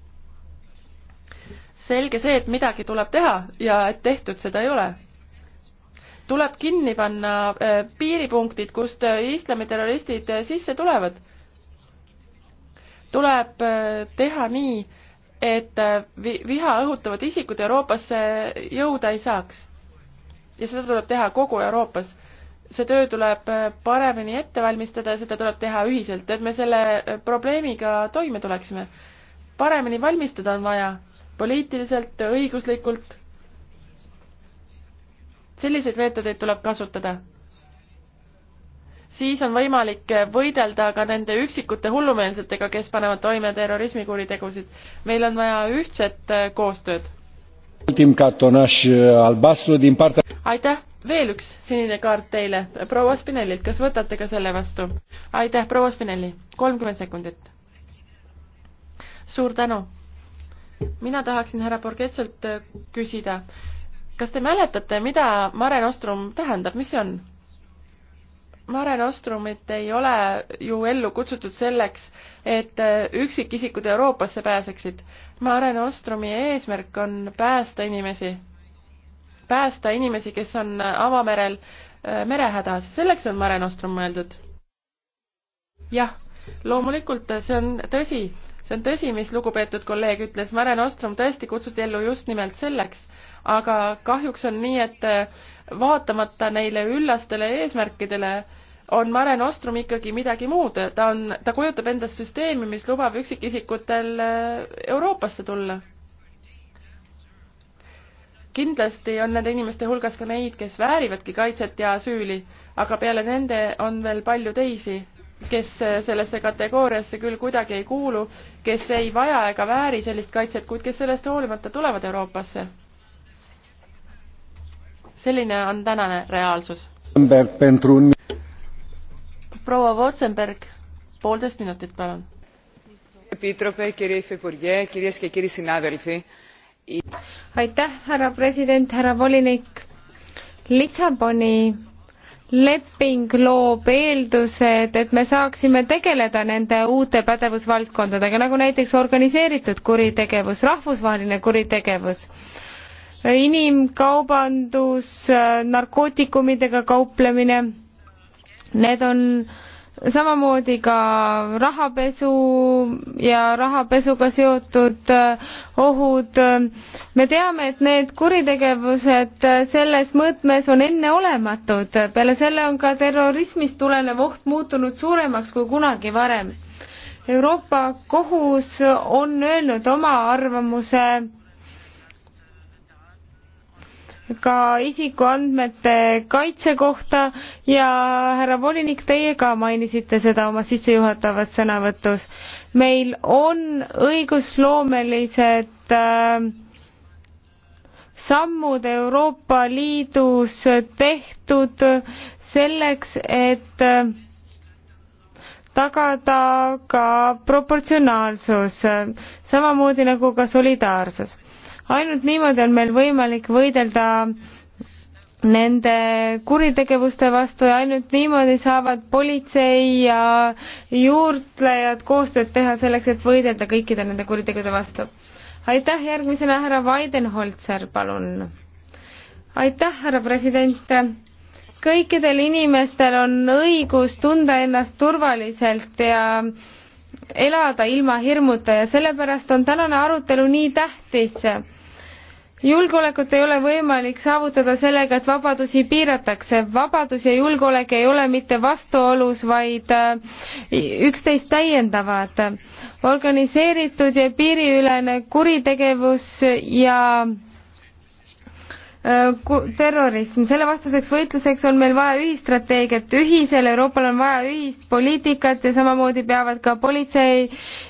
selge see, et midagi tuleb teha ja et tehtud seda ei ole tuleb kinni panna äh, piiripunktid, kust äh, islamiterroristid äh, sisse tulevad. tuleb teha nii, et viha õhutavad isikud Euroopasse jõuda ei saaks. ja seda tuleb teha kogu Euroopas. see töö tuleb paremini ette valmistada ja seda tuleb teha ühiselt, et me selle probleemiga toime tuleksime. paremini valmistuda on vaja poliitiliselt, õiguslikult selliseid meetodeid tuleb kasutada. siis on võimalik võidelda ka nende üksikute hullumeelsetega, kes panevad toime terrorismikuritegusid. meil on vaja ühtset äh, koostööd. Äh, aitäh, veel üks sinine kaart teile, proua Spinellilt, kas võtate ka selle vastu? aitäh, proua Spinelli, kolmkümmend sekundit. suur tänu. mina tahaksin härra Borgetselt äh, küsida kas te mäletate, mida Mare Nostrum tähendab, mis see on? Mare Nostrumit ei ole ju ellu kutsutud selleks, et äh, üksikisikud Euroopasse pääseksid. Mare Nostrumi eesmärk on päästa inimesi, päästa inimesi, kes on avamerel äh, merehädas, selleks on Mare Nostrum mõeldud. jah, loomulikult äh, see on tõsi, see on tõsi, mis lugupeetud kolleeg ütles, Mare Nostrum tõesti kutsuti ellu just nimelt selleks, aga kahjuks on nii, et äh, vaatamata neile üllastele eesmärkidele, on Mare Nostrum ikkagi midagi muud, ta on, ta kujutab endast süsteemi, mis lubab üksikisikutel äh, Euroopasse tulla. kindlasti on nende inimeste hulgas ka neid, kes väärivadki kaitset ja asüüli, aga peale nende on veel palju teisi, kes sellesse kategooriasse küll kuidagi ei kuulu, kes ei vaja ega vääri sellist kaitset, kuid kes sellest hoolimata tulevad Euroopasse. selline on tänane reaalsus. proua Wotsenberg, poolteist minutit, palun. aitäh, härra president, härra volinik. Lissaboni leping loob eeldused, et me saaksime tegeleda nende uute pädevusvaldkondadega, nagu näiteks organiseeritud kuritegevus, rahvusvaheline kuritegevus, inimkaubandus, narkootikumidega kauplemine, need on äh, samamoodi ka rahapesu ja rahapesuga seotud äh, ohud. me teame, et need kuritegevused äh, selles mõõtmes on enneolematud, peale selle on ka terrorismist tulenev oht muutunud suuremaks kui kunagi varem. Euroopa Kohus on öelnud oma arvamuse ka isikuandmete kaitse kohta ja härra volinik, teie ka mainisite seda oma sissejuhatavas sõnavõtus. meil on õigusloomelised äh, sammud Euroopa Liidus tehtud selleks, et äh, tagada ka proportsionaalsus, samamoodi nagu ka solidaarsus ainult niimoodi on meil võimalik võidelda nende kuritegevuste vastu ja ainult niimoodi saavad politsei ja juurtlejad koostööd teha selleks, et võidelda kõikide nende kuritegude vastu. aitäh, järgmisena härra Weidenholzer, palun. aitäh, härra president. kõikidel inimestel on õigus tunda ennast turvaliselt ja elada ilma hirmuta ja sellepärast on tänane arutelu nii tähtis julgeolekut ei ole võimalik saavutada sellega, et vabadusi piiratakse. vabadus ja julgeolek ei ole mitte vastuolus, vaid äh, üksteist täiendavad. organiseeritud ja piiriülene kuritegevus ja Äh, terrorism, selle vastaseks võitluseks on meil vaja ühistrateegiat, ühisel Euroopal on vaja ühist poliitikat ja samamoodi peavad ka politsei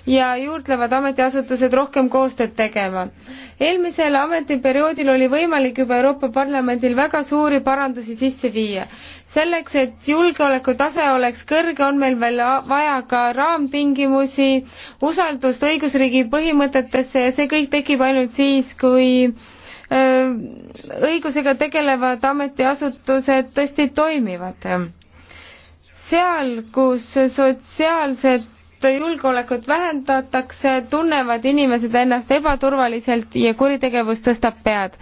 ja juurdlevad ametiasutused rohkem koostööd tegema. eelmisel ametiperioodil oli võimalik juba Euroopa Parlamendil väga suuri parandusi sisse viia. selleks, et julgeoleku tase oleks kõrge, on meil veel vaja ka raamtingimusi, usaldust õigusriigi põhimõtetesse ja see kõik tekib ainult siis, kui õigusega tegelevad ametiasutused tõesti toimivad. seal, kus sotsiaalset julgeolekut vähendatakse, tunnevad inimesed ennast ebaturvaliselt ja kuritegevus tõstab pead.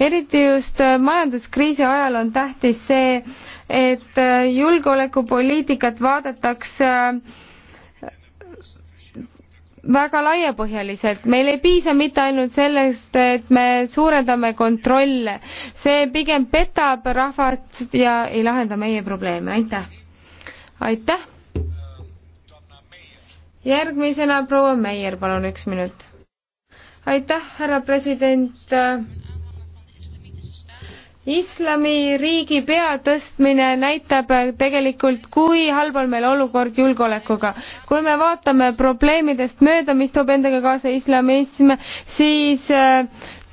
eriti just majanduskriisi ajal on tähtis see, et julgeolekupoliitikat vaadatakse väga laiapõhjaliselt, meil ei piisa mitte ainult sellest, et me suurendame kontrolle, see pigem petab rahvast ja ei lahenda meie probleeme, aitäh. aitäh. järgmisena proua Meier, palun üks minut. aitäh, härra president islamiriigi pea tõstmine näitab tegelikult, kui halb on meil olukord julgeolekuga. kui me vaatame probleemidest mööda, mis toob endaga kaasa islamism, siis äh,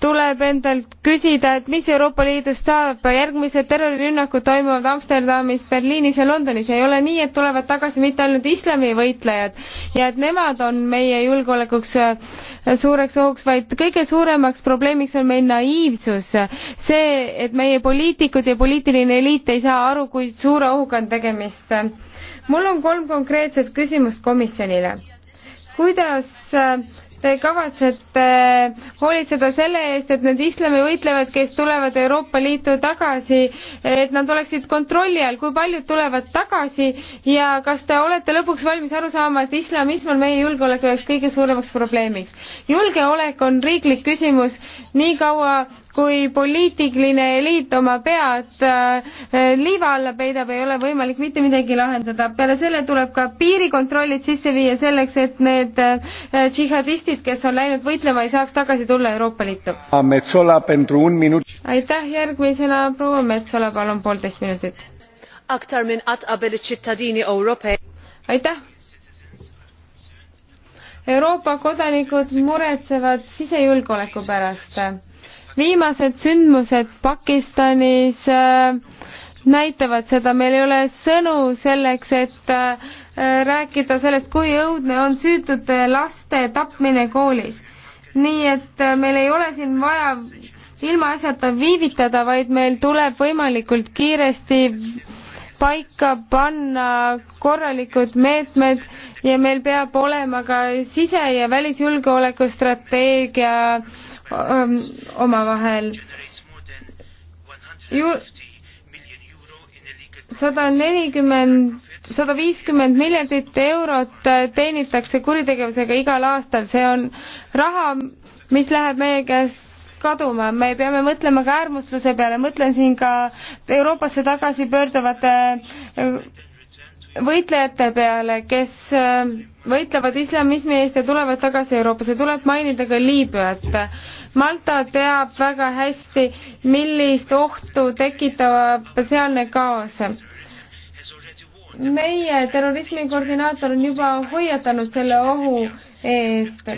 tuleb endalt küsida, et mis Euroopa Liidust saab, järgmised terrorirünnakud toimuvad Amsterdamis, Berliinis ja Londonis, ei ole nii, et tulevad tagasi mitte ainult islamivõitlejad ja et nemad on meie julgeolekuks äh, suureks ohuks, vaid kõige suuremaks probleemiks on meil naiivsus. see, et meie poliitikud ja poliitiline eliit ei saa aru, kui suure ohuga on tegemist. mul on kolm konkreetset küsimust komisjonile. kuidas äh, te kavatsete hoolitseda selle eest, et need islamivõitlejad, kes tulevad Euroopa Liitu tagasi, et nad oleksid kontrolli all, kui paljud tulevad tagasi ja kas te olete lõpuks valmis aru saama, et islamism on meie julgeoleku jaoks kõige suuremaks probleemiks? julgeolek on riiklik küsimus, niikaua kui poliitiline eliit oma pead äh, liiva alla peidab, ei ole võimalik mitte midagi lahendada. peale selle tuleb ka piirikontrollid sisse viia selleks, et need äh, džihadistid, kes on läinud võitlema, ei saaks tagasi tulla Euroopa Liitu. Ah, aitäh, järgmisena proua Metsola, palun poolteist minutit. aitäh Euroopa kodanikud muretsevad sisejulgeoleku pärast viimased sündmused Pakistanis äh, näitavad seda, meil ei ole sõnu selleks, et äh, rääkida sellest, kui õudne on süütute laste tapmine koolis. nii et äh, meil ei ole siin vaja ilmaasjata viivitada, vaid meil tuleb võimalikult kiiresti paika panna korralikud meetmed ja meil peab olema ka sise- ja välisjulgeoleku strateegia ähm, omavahel ju-, sada nelikümmend, sada viiskümmend miljardit eurot äh, teenitakse kuritegevusega igal aastal, see on raha, mis läheb meie käest kaduma, me peame mõtlema ka äärmusluse peale, mõtlen siin ka Euroopasse tagasi pöörduvate äh, võitlejate peale, kes äh, võitlevad islamismi eest ja tulevad tagasi Euroopasse, tuleb mainida ka Liibüat. Malta teab väga hästi, millist ohtu tekitab sealne kaos. meie terrorismi koordinaator on juba hoiatanud selle ohu eest.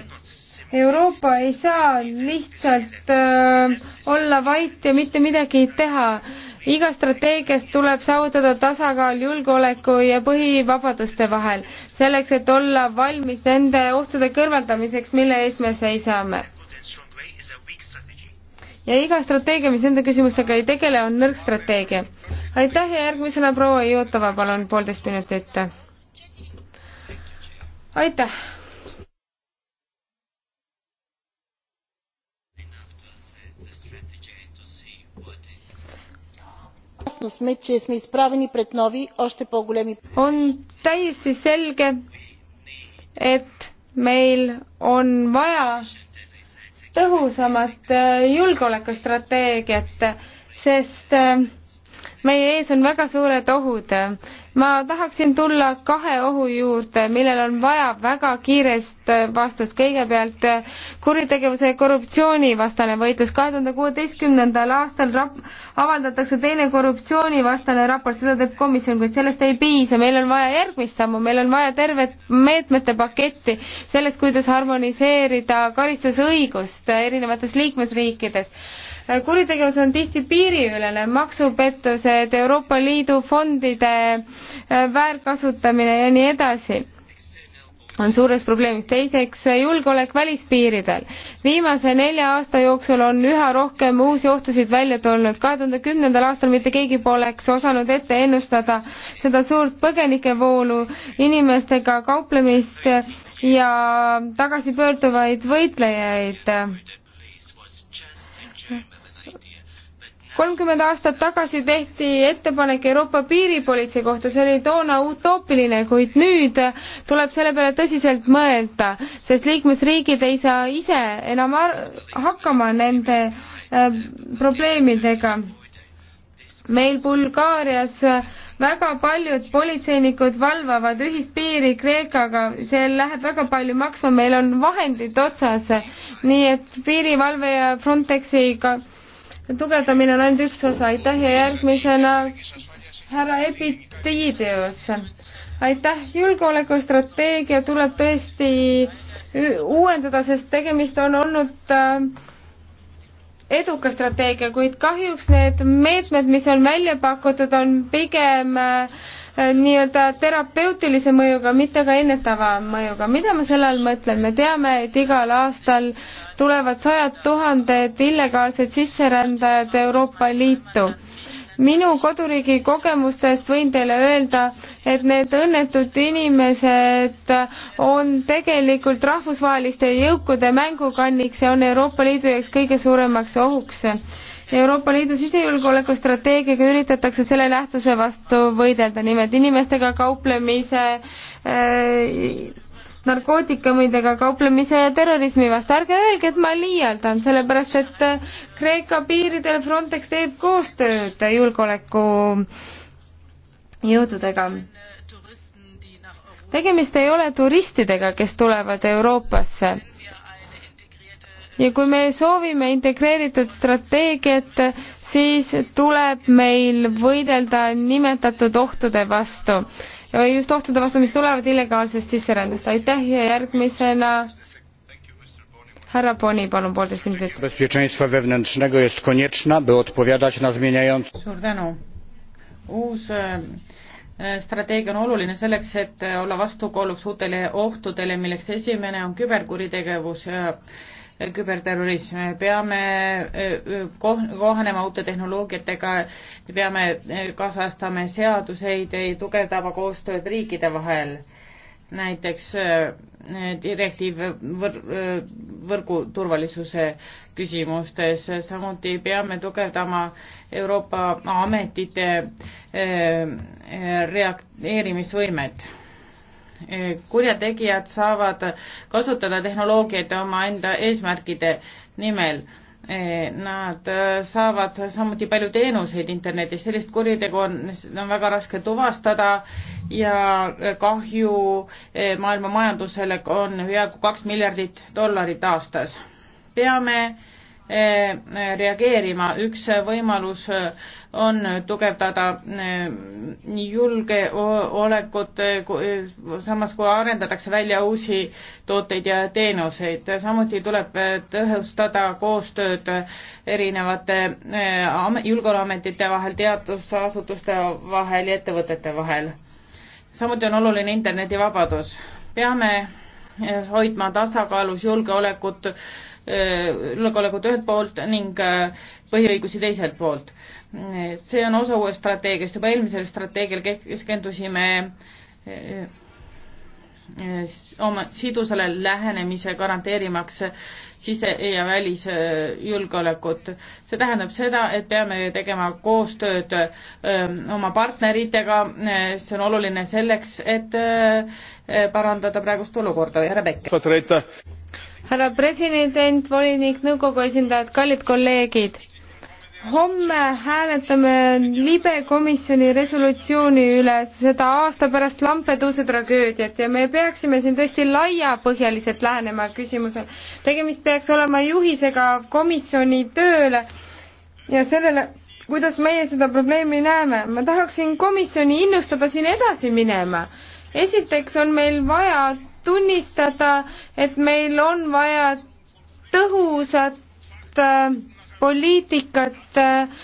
Euroopa ei saa lihtsalt öö, äh, olla vait ja mitte midagi teha iga strateegias tuleb saavutada tasakaal julgeoleku ja põhivabaduste vahel, selleks et olla valmis nende ohtude kõrvaldamiseks, mille eest me seisame. ja iga strateegia, mis nende küsimustega ei tegele, on nõrk strateegia. aitäh ja järgmisena proua Jutova, palun poolteist minutit. aitäh наясно сме че сме изправени пред нови още по големи on täiesti selge et meil on vaja tõhusamat äh, julgeolekustrateegiat sest äh, meie ees on väga suured ohud. ma tahaksin tulla kahe ohu juurde, millel on vaja väga kiirest vastust. kõigepealt kuritegevuse ja korruptsiooni vastane võitlus. kahe tuhande kuueteistkümnendal aastal rap-, avaldatakse teine korruptsioonivastane raport, seda teeb komisjon, kuid sellest ei piisa. meil on vaja järgmist sammu, meil on vaja tervet meetmete paketti sellest, kuidas harmoniseerida karistusõigust erinevates liikmesriikides kuritegevus on tihti piiriülene, maksupettused, Euroopa Liidu fondide äh, väärkasutamine ja nii edasi on suures probleemiks. teiseks, äh, julgeolek välispiiridel. viimase nelja aasta jooksul on üha rohkem uusi ohtusid välja tulnud. kahe tuhande kümnendal aastal mitte keegi poleks osanud ette ennustada seda suurt põgenikevoolu, inimestega kauplemist ja tagasipöörduvaid võitlejaid kolmkümmend aastat tagasi tehti ettepanek Euroopa piiripolitsei kohta, see oli toona utoopiline, kuid nüüd tuleb selle peale tõsiselt mõelda, sest liikmesriigid ei saa ise enam hakkama nende äh, probleemidega. meil Bulgaarias väga paljud politseinikud valvavad ühist piiri Kreekaga, see läheb väga palju maksma, meil on vahendid otsas, nii et piirivalve ja Frontexiga ka tugevdamine on ainult üks osa, aitäh ja järgmisena härra Epitiidios. aitäh, julgeolekustrateegia tuleb tõesti uuendada, sest tegemist on olnud äh, eduka strateegia, kuid kahjuks need meetmed, mis on välja pakutud, on pigem äh, nii-öelda terapeutilise mõjuga, mitte ka ennetava mõjuga. mida ma selle all mõtlen? me teame, et igal aastal äh, tulevad sajad tuhanded illegaalsed sisserändajad Euroopa Liitu. minu koduriigi kogemustest võin teile öelda, et need õnnetud inimesed on tegelikult rahvusvaheliste jõukude mängukanniks ja on Euroopa Liidu jaoks kõige suuremaks ohuks. Euroopa Liidu sisejulgeoleku strateegiaga üritatakse selle nähtuse vastu võidelda, nimelt inimestega kauplemise äh, narkootikumidega kauplemise ja terrorismi vastu. ärge öelge, et ma liialdan, sellepärast et äh, Kreeka piiridel Frontex teeb koostööd julgeolekujõududega. tegemist ei ole turistidega, kes tulevad Euroopasse ja kui me soovime integreeritud strateegiat, siis tuleb meil võidelda nimetatud ohtude vastu just ohtude vastu, mis tulevad illegaalsest sisserändest. aitäh ja järgmisena härra Boni, palun poolteist minutit. bezpieczeństwa wewnętrznego jest konieczna, by odpowiadać na zmieniające. suur tänu. uus e, e, strateegia on oluline selleks, et e, olla vastukaaluks uutele ohtudele, milleks esimene on küberkuritegevus ja küberterrorism, peame e, e, kohanema uute tehnoloogiatega, peame e, kaasajastama seaduseid, tugevdama koostööd riikide vahel. näiteks direktiiv võr-, võrguturvalisuse küsimustes, samuti peame tugevdama Euroopa ametite reageerimisvõimet kurjategijad saavad kasutada tehnoloogiat omaenda eesmärkide nimel. E, nad äh, saavad samuti palju teenuseid internetis, sellist kuritegu on, on väga raske tuvastada ja kahju e, maailma majandusele on peaaegu kaks miljardit dollarit aastas. peame äh, E, e, reageerima. üks võimalus e, on tugevdada julgeolekut, samas kui arendatakse välja uusi tooteid ja teenuseid. samuti tuleb tõhustada koostööd erinevate julgeolekuametite vahel, teadusasutuste vahel ja ettevõtete vahel. samuti on oluline internetivabadus. peame hoidma tasakaalus julgeolekut Äh, julgeolekut ühelt poolt ning äh, põhiõigusi teiselt poolt. see on osa uuest strateegiast, juba eelmisel strateegial keskendusime äh, oma sidusale lähenemise garanteerimaks sise- ja välisjulgeolekut. see tähendab seda, et peame tegema koostööd oma partneritega, see on oluline selleks, et parandada praegust olukorda. härra Pekk härra president, volinik, nõukogu esindajad, kallid kolleegid. homme hääletame libe komisjoni resolutsiooni üle seda aasta pärast Lampeduuse tragöödiat ja me peaksime siin tõesti laiapõhjaliselt lähenema küsimusele. tegemist peaks olema juhisega komisjoni tööle ja sellele, kuidas meie seda probleemi näeme. ma tahaksin komisjoni innustada siin edasi minema. esiteks on meil vaja tunnistada, et meil on vaja tõhusat äh, poliitikat äh,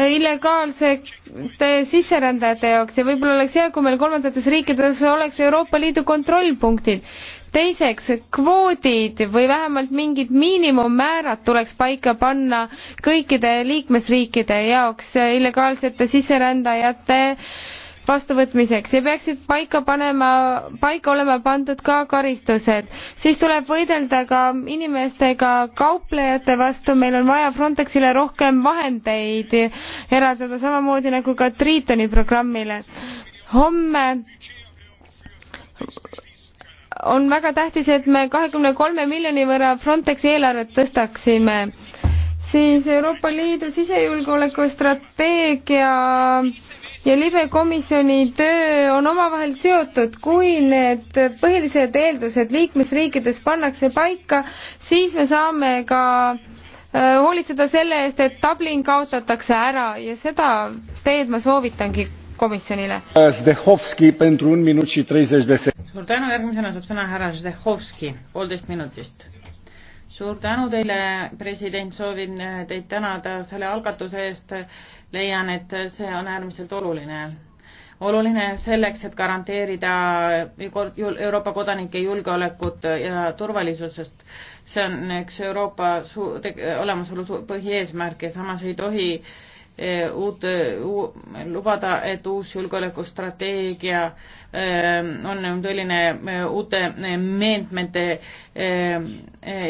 illegaalsete sisserändajate jaoks ja võib-olla oleks hea, kui meil kolmandates riikides oleks Euroopa Liidu kontrollpunktid. teiseks, kvoodid või vähemalt mingid miinimummäärad tuleks paika panna kõikide liikmesriikide jaoks illegaalsete sisserändajate äh, vastuvõtmiseks ja peaksid paika panema, paika olema pandud ka karistused. siis tuleb võidelda ka inimestega kauplejate vastu, meil on vaja Frontexile rohkem vahendeid eraldada, samamoodi nagu ka Tritoni programmile. homme on väga tähtis, et me kahekümne kolme miljoni võrra Frontexi eelarvet tõstaksime siis Euroopa Liidu sisejulgeoleku strateegia ja libe komisjoni töö on omavahel seotud, kui need põhilised eeldused liikmesriikides pannakse paika, siis me saame ka äh, hoolitseda selle eest, et Dublin kaotatakse ära ja seda teed ma soovitangi komisjonile. suur tänu, järgmisena saab sõna härra Zdehovski, poolteist minutist. suur tänu teile, president, soovin äh, teid tänada selle algatuse eest leian, et see on äärmiselt oluline. oluline selleks, et garanteerida Euroopa kodanike julgeolekut ja turvalisusest. see on üks Euroopa su-, olemasolu põhieesmärk ja samas ei tohi eh, uut, lubada, et uus julgeolekustrateegia eh, on tõeline eh, uute meetmete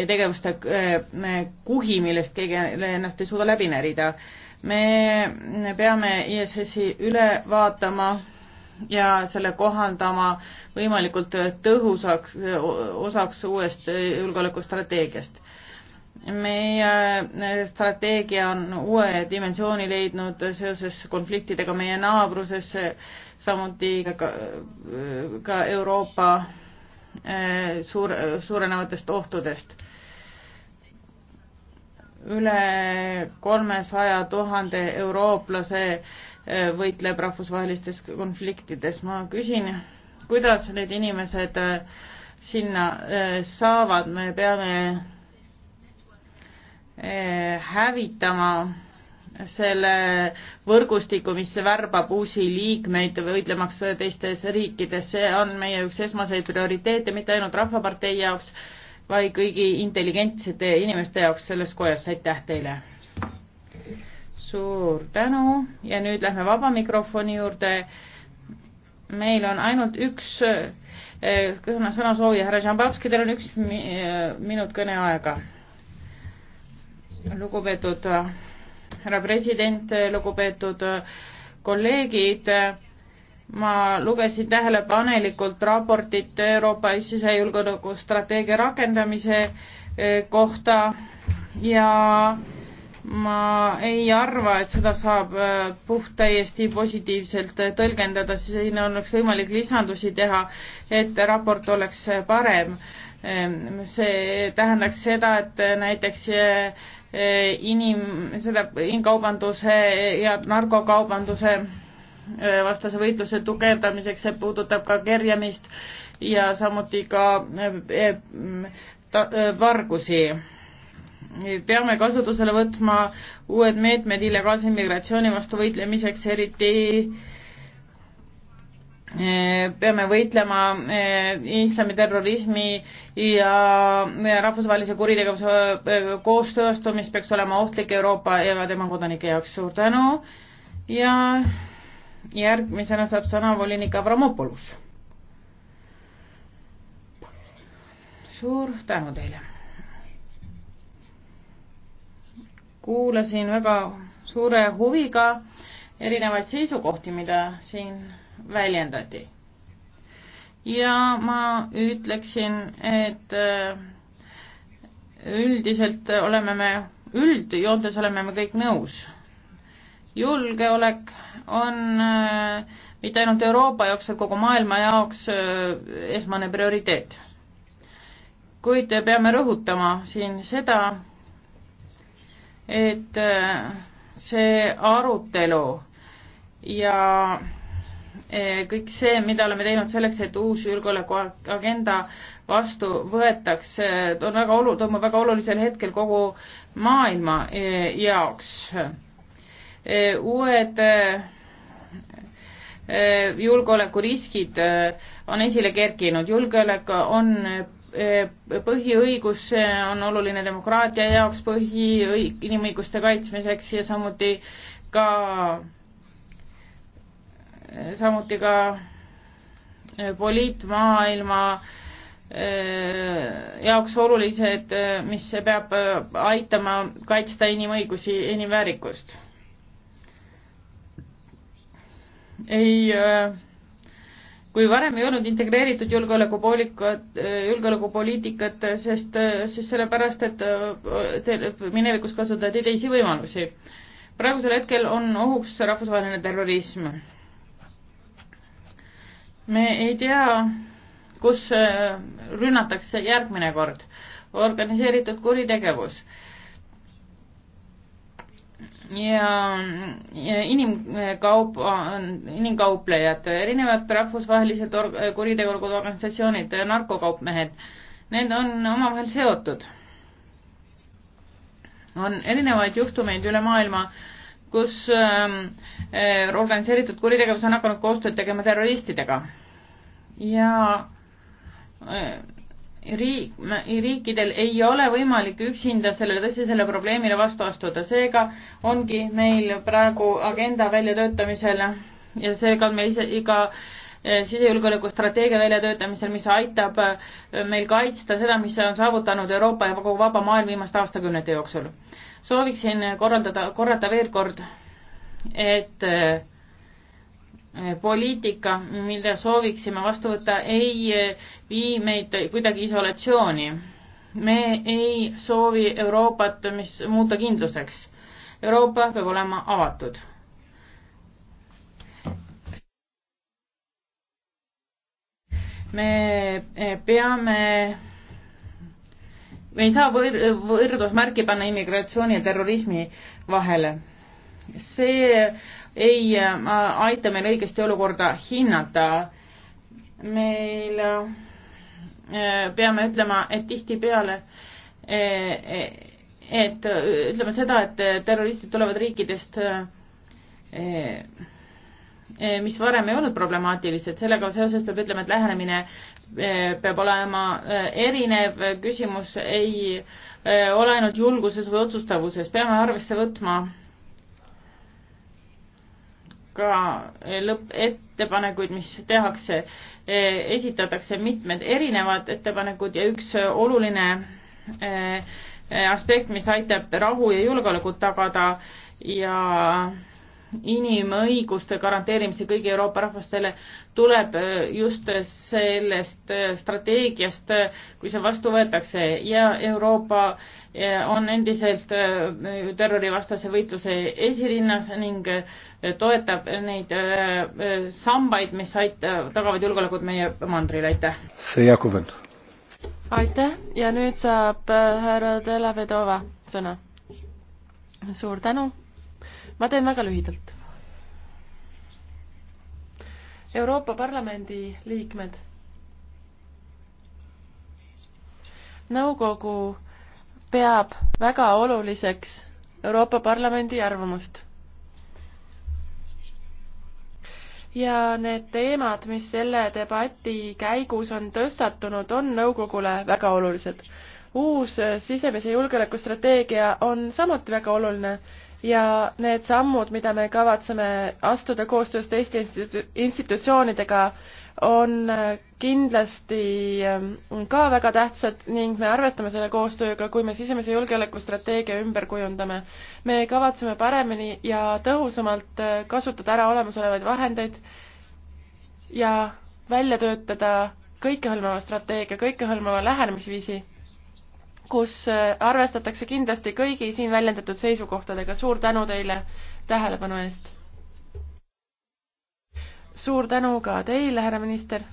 ja tegevuste kuhi, millest keegi ennast ei suuda läbi närida me peame ISS-i üle vaatama ja selle kohandama võimalikult tõhusaks osaks uuest julgeolekustrateegiast. meie strateegia on uue dimensiooni leidnud seoses konfliktidega meie naabruses, samuti ka, ka Euroopa eh, suur, suurenevatest ohtudest üle kolmesaja tuhande eurooplase eh, võitleb rahvusvahelistes konfliktides. ma küsin, kuidas need inimesed eh, sinna eh, saavad, me peame hävitama selle võrgustiku, mis värbab uusi liikmeid võitlemaks teistes riikides, see on meie üks esmaseid prioriteete, mitte ainult Rahvapartei jaoks, vaid kõigi intelligentsete inimeste jaoks selles kojas, aitäh teile! suur tänu ja nüüd lähme vaba mikrofoni juurde. meil on ainult üks kõne eh, sõnasoovija, härra Žambavski, teil on üks eh, minut kõneaega. lugupeetud eh, härra president, lugupeetud kolleegid ma lugesin tähelepanelikult raportit Euroopa sisejulgeolekustrateegia rakendamise e, kohta ja ma ei arva, et seda saab e, puht täiesti positiivselt e, tõlgendada, siin oleks võimalik lisandusi teha, et raport oleks parem. see tähendaks seda, et näiteks inim-, seda inimkaubanduse ja narkokaubanduse vastase võitluse tugevdamiseks, see puudutab ka kerjamist ja samuti ka äh, äh, ta, äh, vargusi. peame kasutusele võtma uued meetmed illegaalse immigratsiooni vastu võitlemiseks, eriti peame võitlema islamiterrorismi ja rahvusvahelise kuritegevuse koostöö vastu, mis peaks olema ohtlik Euroopa ja tema kodanike jaoks. suur tänu ja järgmisena saab sõna volinik Avramopolus. suur tänu teile. kuulasin väga suure huviga erinevaid seisukohti, mida siin väljendati. ja ma ütleksin, et äh, üldiselt oleme me, üldjoontes oleme me kõik nõus julgeolek on äh, mitte ainult Euroopa jaoks, vaid kogu maailma jaoks äh, esmane prioriteet. kuid peame rõhutama siin seda, et äh, see arutelu ja kõik see, mida oleme teinud selleks, et uus julgeolekuagenda vastu võetaks, on väga olu-, toimub väga olulisel hetkel kogu maailma jaoks uued julgeolekuriskid on esile kerkinud, julgeolek on põhiõigus, see on oluline demokraatia jaoks, põhi-, inimõiguste kaitsmiseks ja samuti ka, samuti ka poliitmaailma jaoks olulised, mis peab aitama kaitsta inimõigusi, inimväärikust ei äh, kui varem ei olnud integreeritud julgeolekupoolikat, äh, julgeolekupoliitikat, äh, sest, sest sellepärast, et minevikus kasutati teisi võimalusi. praegusel hetkel on ohuks rahvusvaheline terrorism. me ei tea, kus rünnatakse järgmine kord. organiseeritud kuritegevus ja, ja inimkaup, inimkauplejad, erinevad rahvusvahelised or-, kuritegelikud organisatsioonid, narkokaupmehed, need on omavahel seotud. on erinevaid juhtumeid üle maailma, kus ähm, äh, organiseeritud kuritegevus on hakanud koostööd tegema terroristidega ja äh, riik, riikidel ei ole võimalik üksinda sellele tõsisele probleemile vastu astuda, seega ongi meil praegu agenda väljatöötamisel ja seega on meil ise iga eh, sisejulgeoleku strateegia väljatöötamisel, mis aitab eh, meil kaitsta seda, mis on saavutanud Euroopa ja kogu vaba maailm viimaste aastakümnete jooksul. sooviksin korraldada, korrata veel kord, et äh, Äh, poliitika, mida sooviksime vastu võtta, ei äh, vii meid kuidagi isolatsiooni. me ei soovi Euroopat, mis muuta kindluseks. Euroopa peab olema avatud. me äh, peame me ei saa võr-, võrdusmärki panna immigratsiooni ja terrorismi vahele. see ei äh, aita meil õigesti olukorda hinnata. meil äh, peame ütlema, et tihtipeale äh, et ütleme seda, et terroristid tulevad riikidest, mis varem ei olnud problemaatilised, sellega seoses peab ütlema, et lähenemine peab olema erinev, küsimus ei ole ainult julguses või otsustavuses, peame arvesse võtma ka eh, lõppettepanekuid, mis tehakse, eh, esitatakse mitmed erinevad ettepanekud ja üks eh, oluline aspekt, mis aitab rahu ja julgeolekut tagada ja inimõiguste garanteerimise kõigi Euroopa rahvastele tuleb äh, just sellest äh, strateegiast, äh, kui see vastu võetakse ja Euroopa on endiselt terrorivastase võitluse esirinnas ning toetab neid sambaid, mis aitavad, tagavad julgeolekut meie mandril, aitäh! aitäh ja nüüd saab härra Delavedova sõna. suur tänu! ma teen väga lühidalt. Euroopa Parlamendi liikmed, nõukogu peab väga oluliseks Euroopa Parlamendi arvamust ja need teemad, mis selle debati käigus on tõstatunud, on nõukogule väga olulised. uus sisemise julgeolekustrateegia on samuti väga oluline ja need sammud, mida me kavatseme astuda koostöös teiste institu-, institutsioonidega, on kindlasti ähm, ka väga tähtsad ning me arvestame selle koostööga, kui me sisemise julgeolekustrateegia ümber kujundame. me kavatseme paremini ja tõhusamalt äh, kasutada ära olemasolevaid vahendeid ja välja töötada kõikehõlmava strateegia, kõikehõlmava lähenemisviisi kus äh, arvestatakse kindlasti kõigi siin väljendatud seisukohtadega. suur tänu teile tähelepanu eest! suur tänu ka teile, härra minister!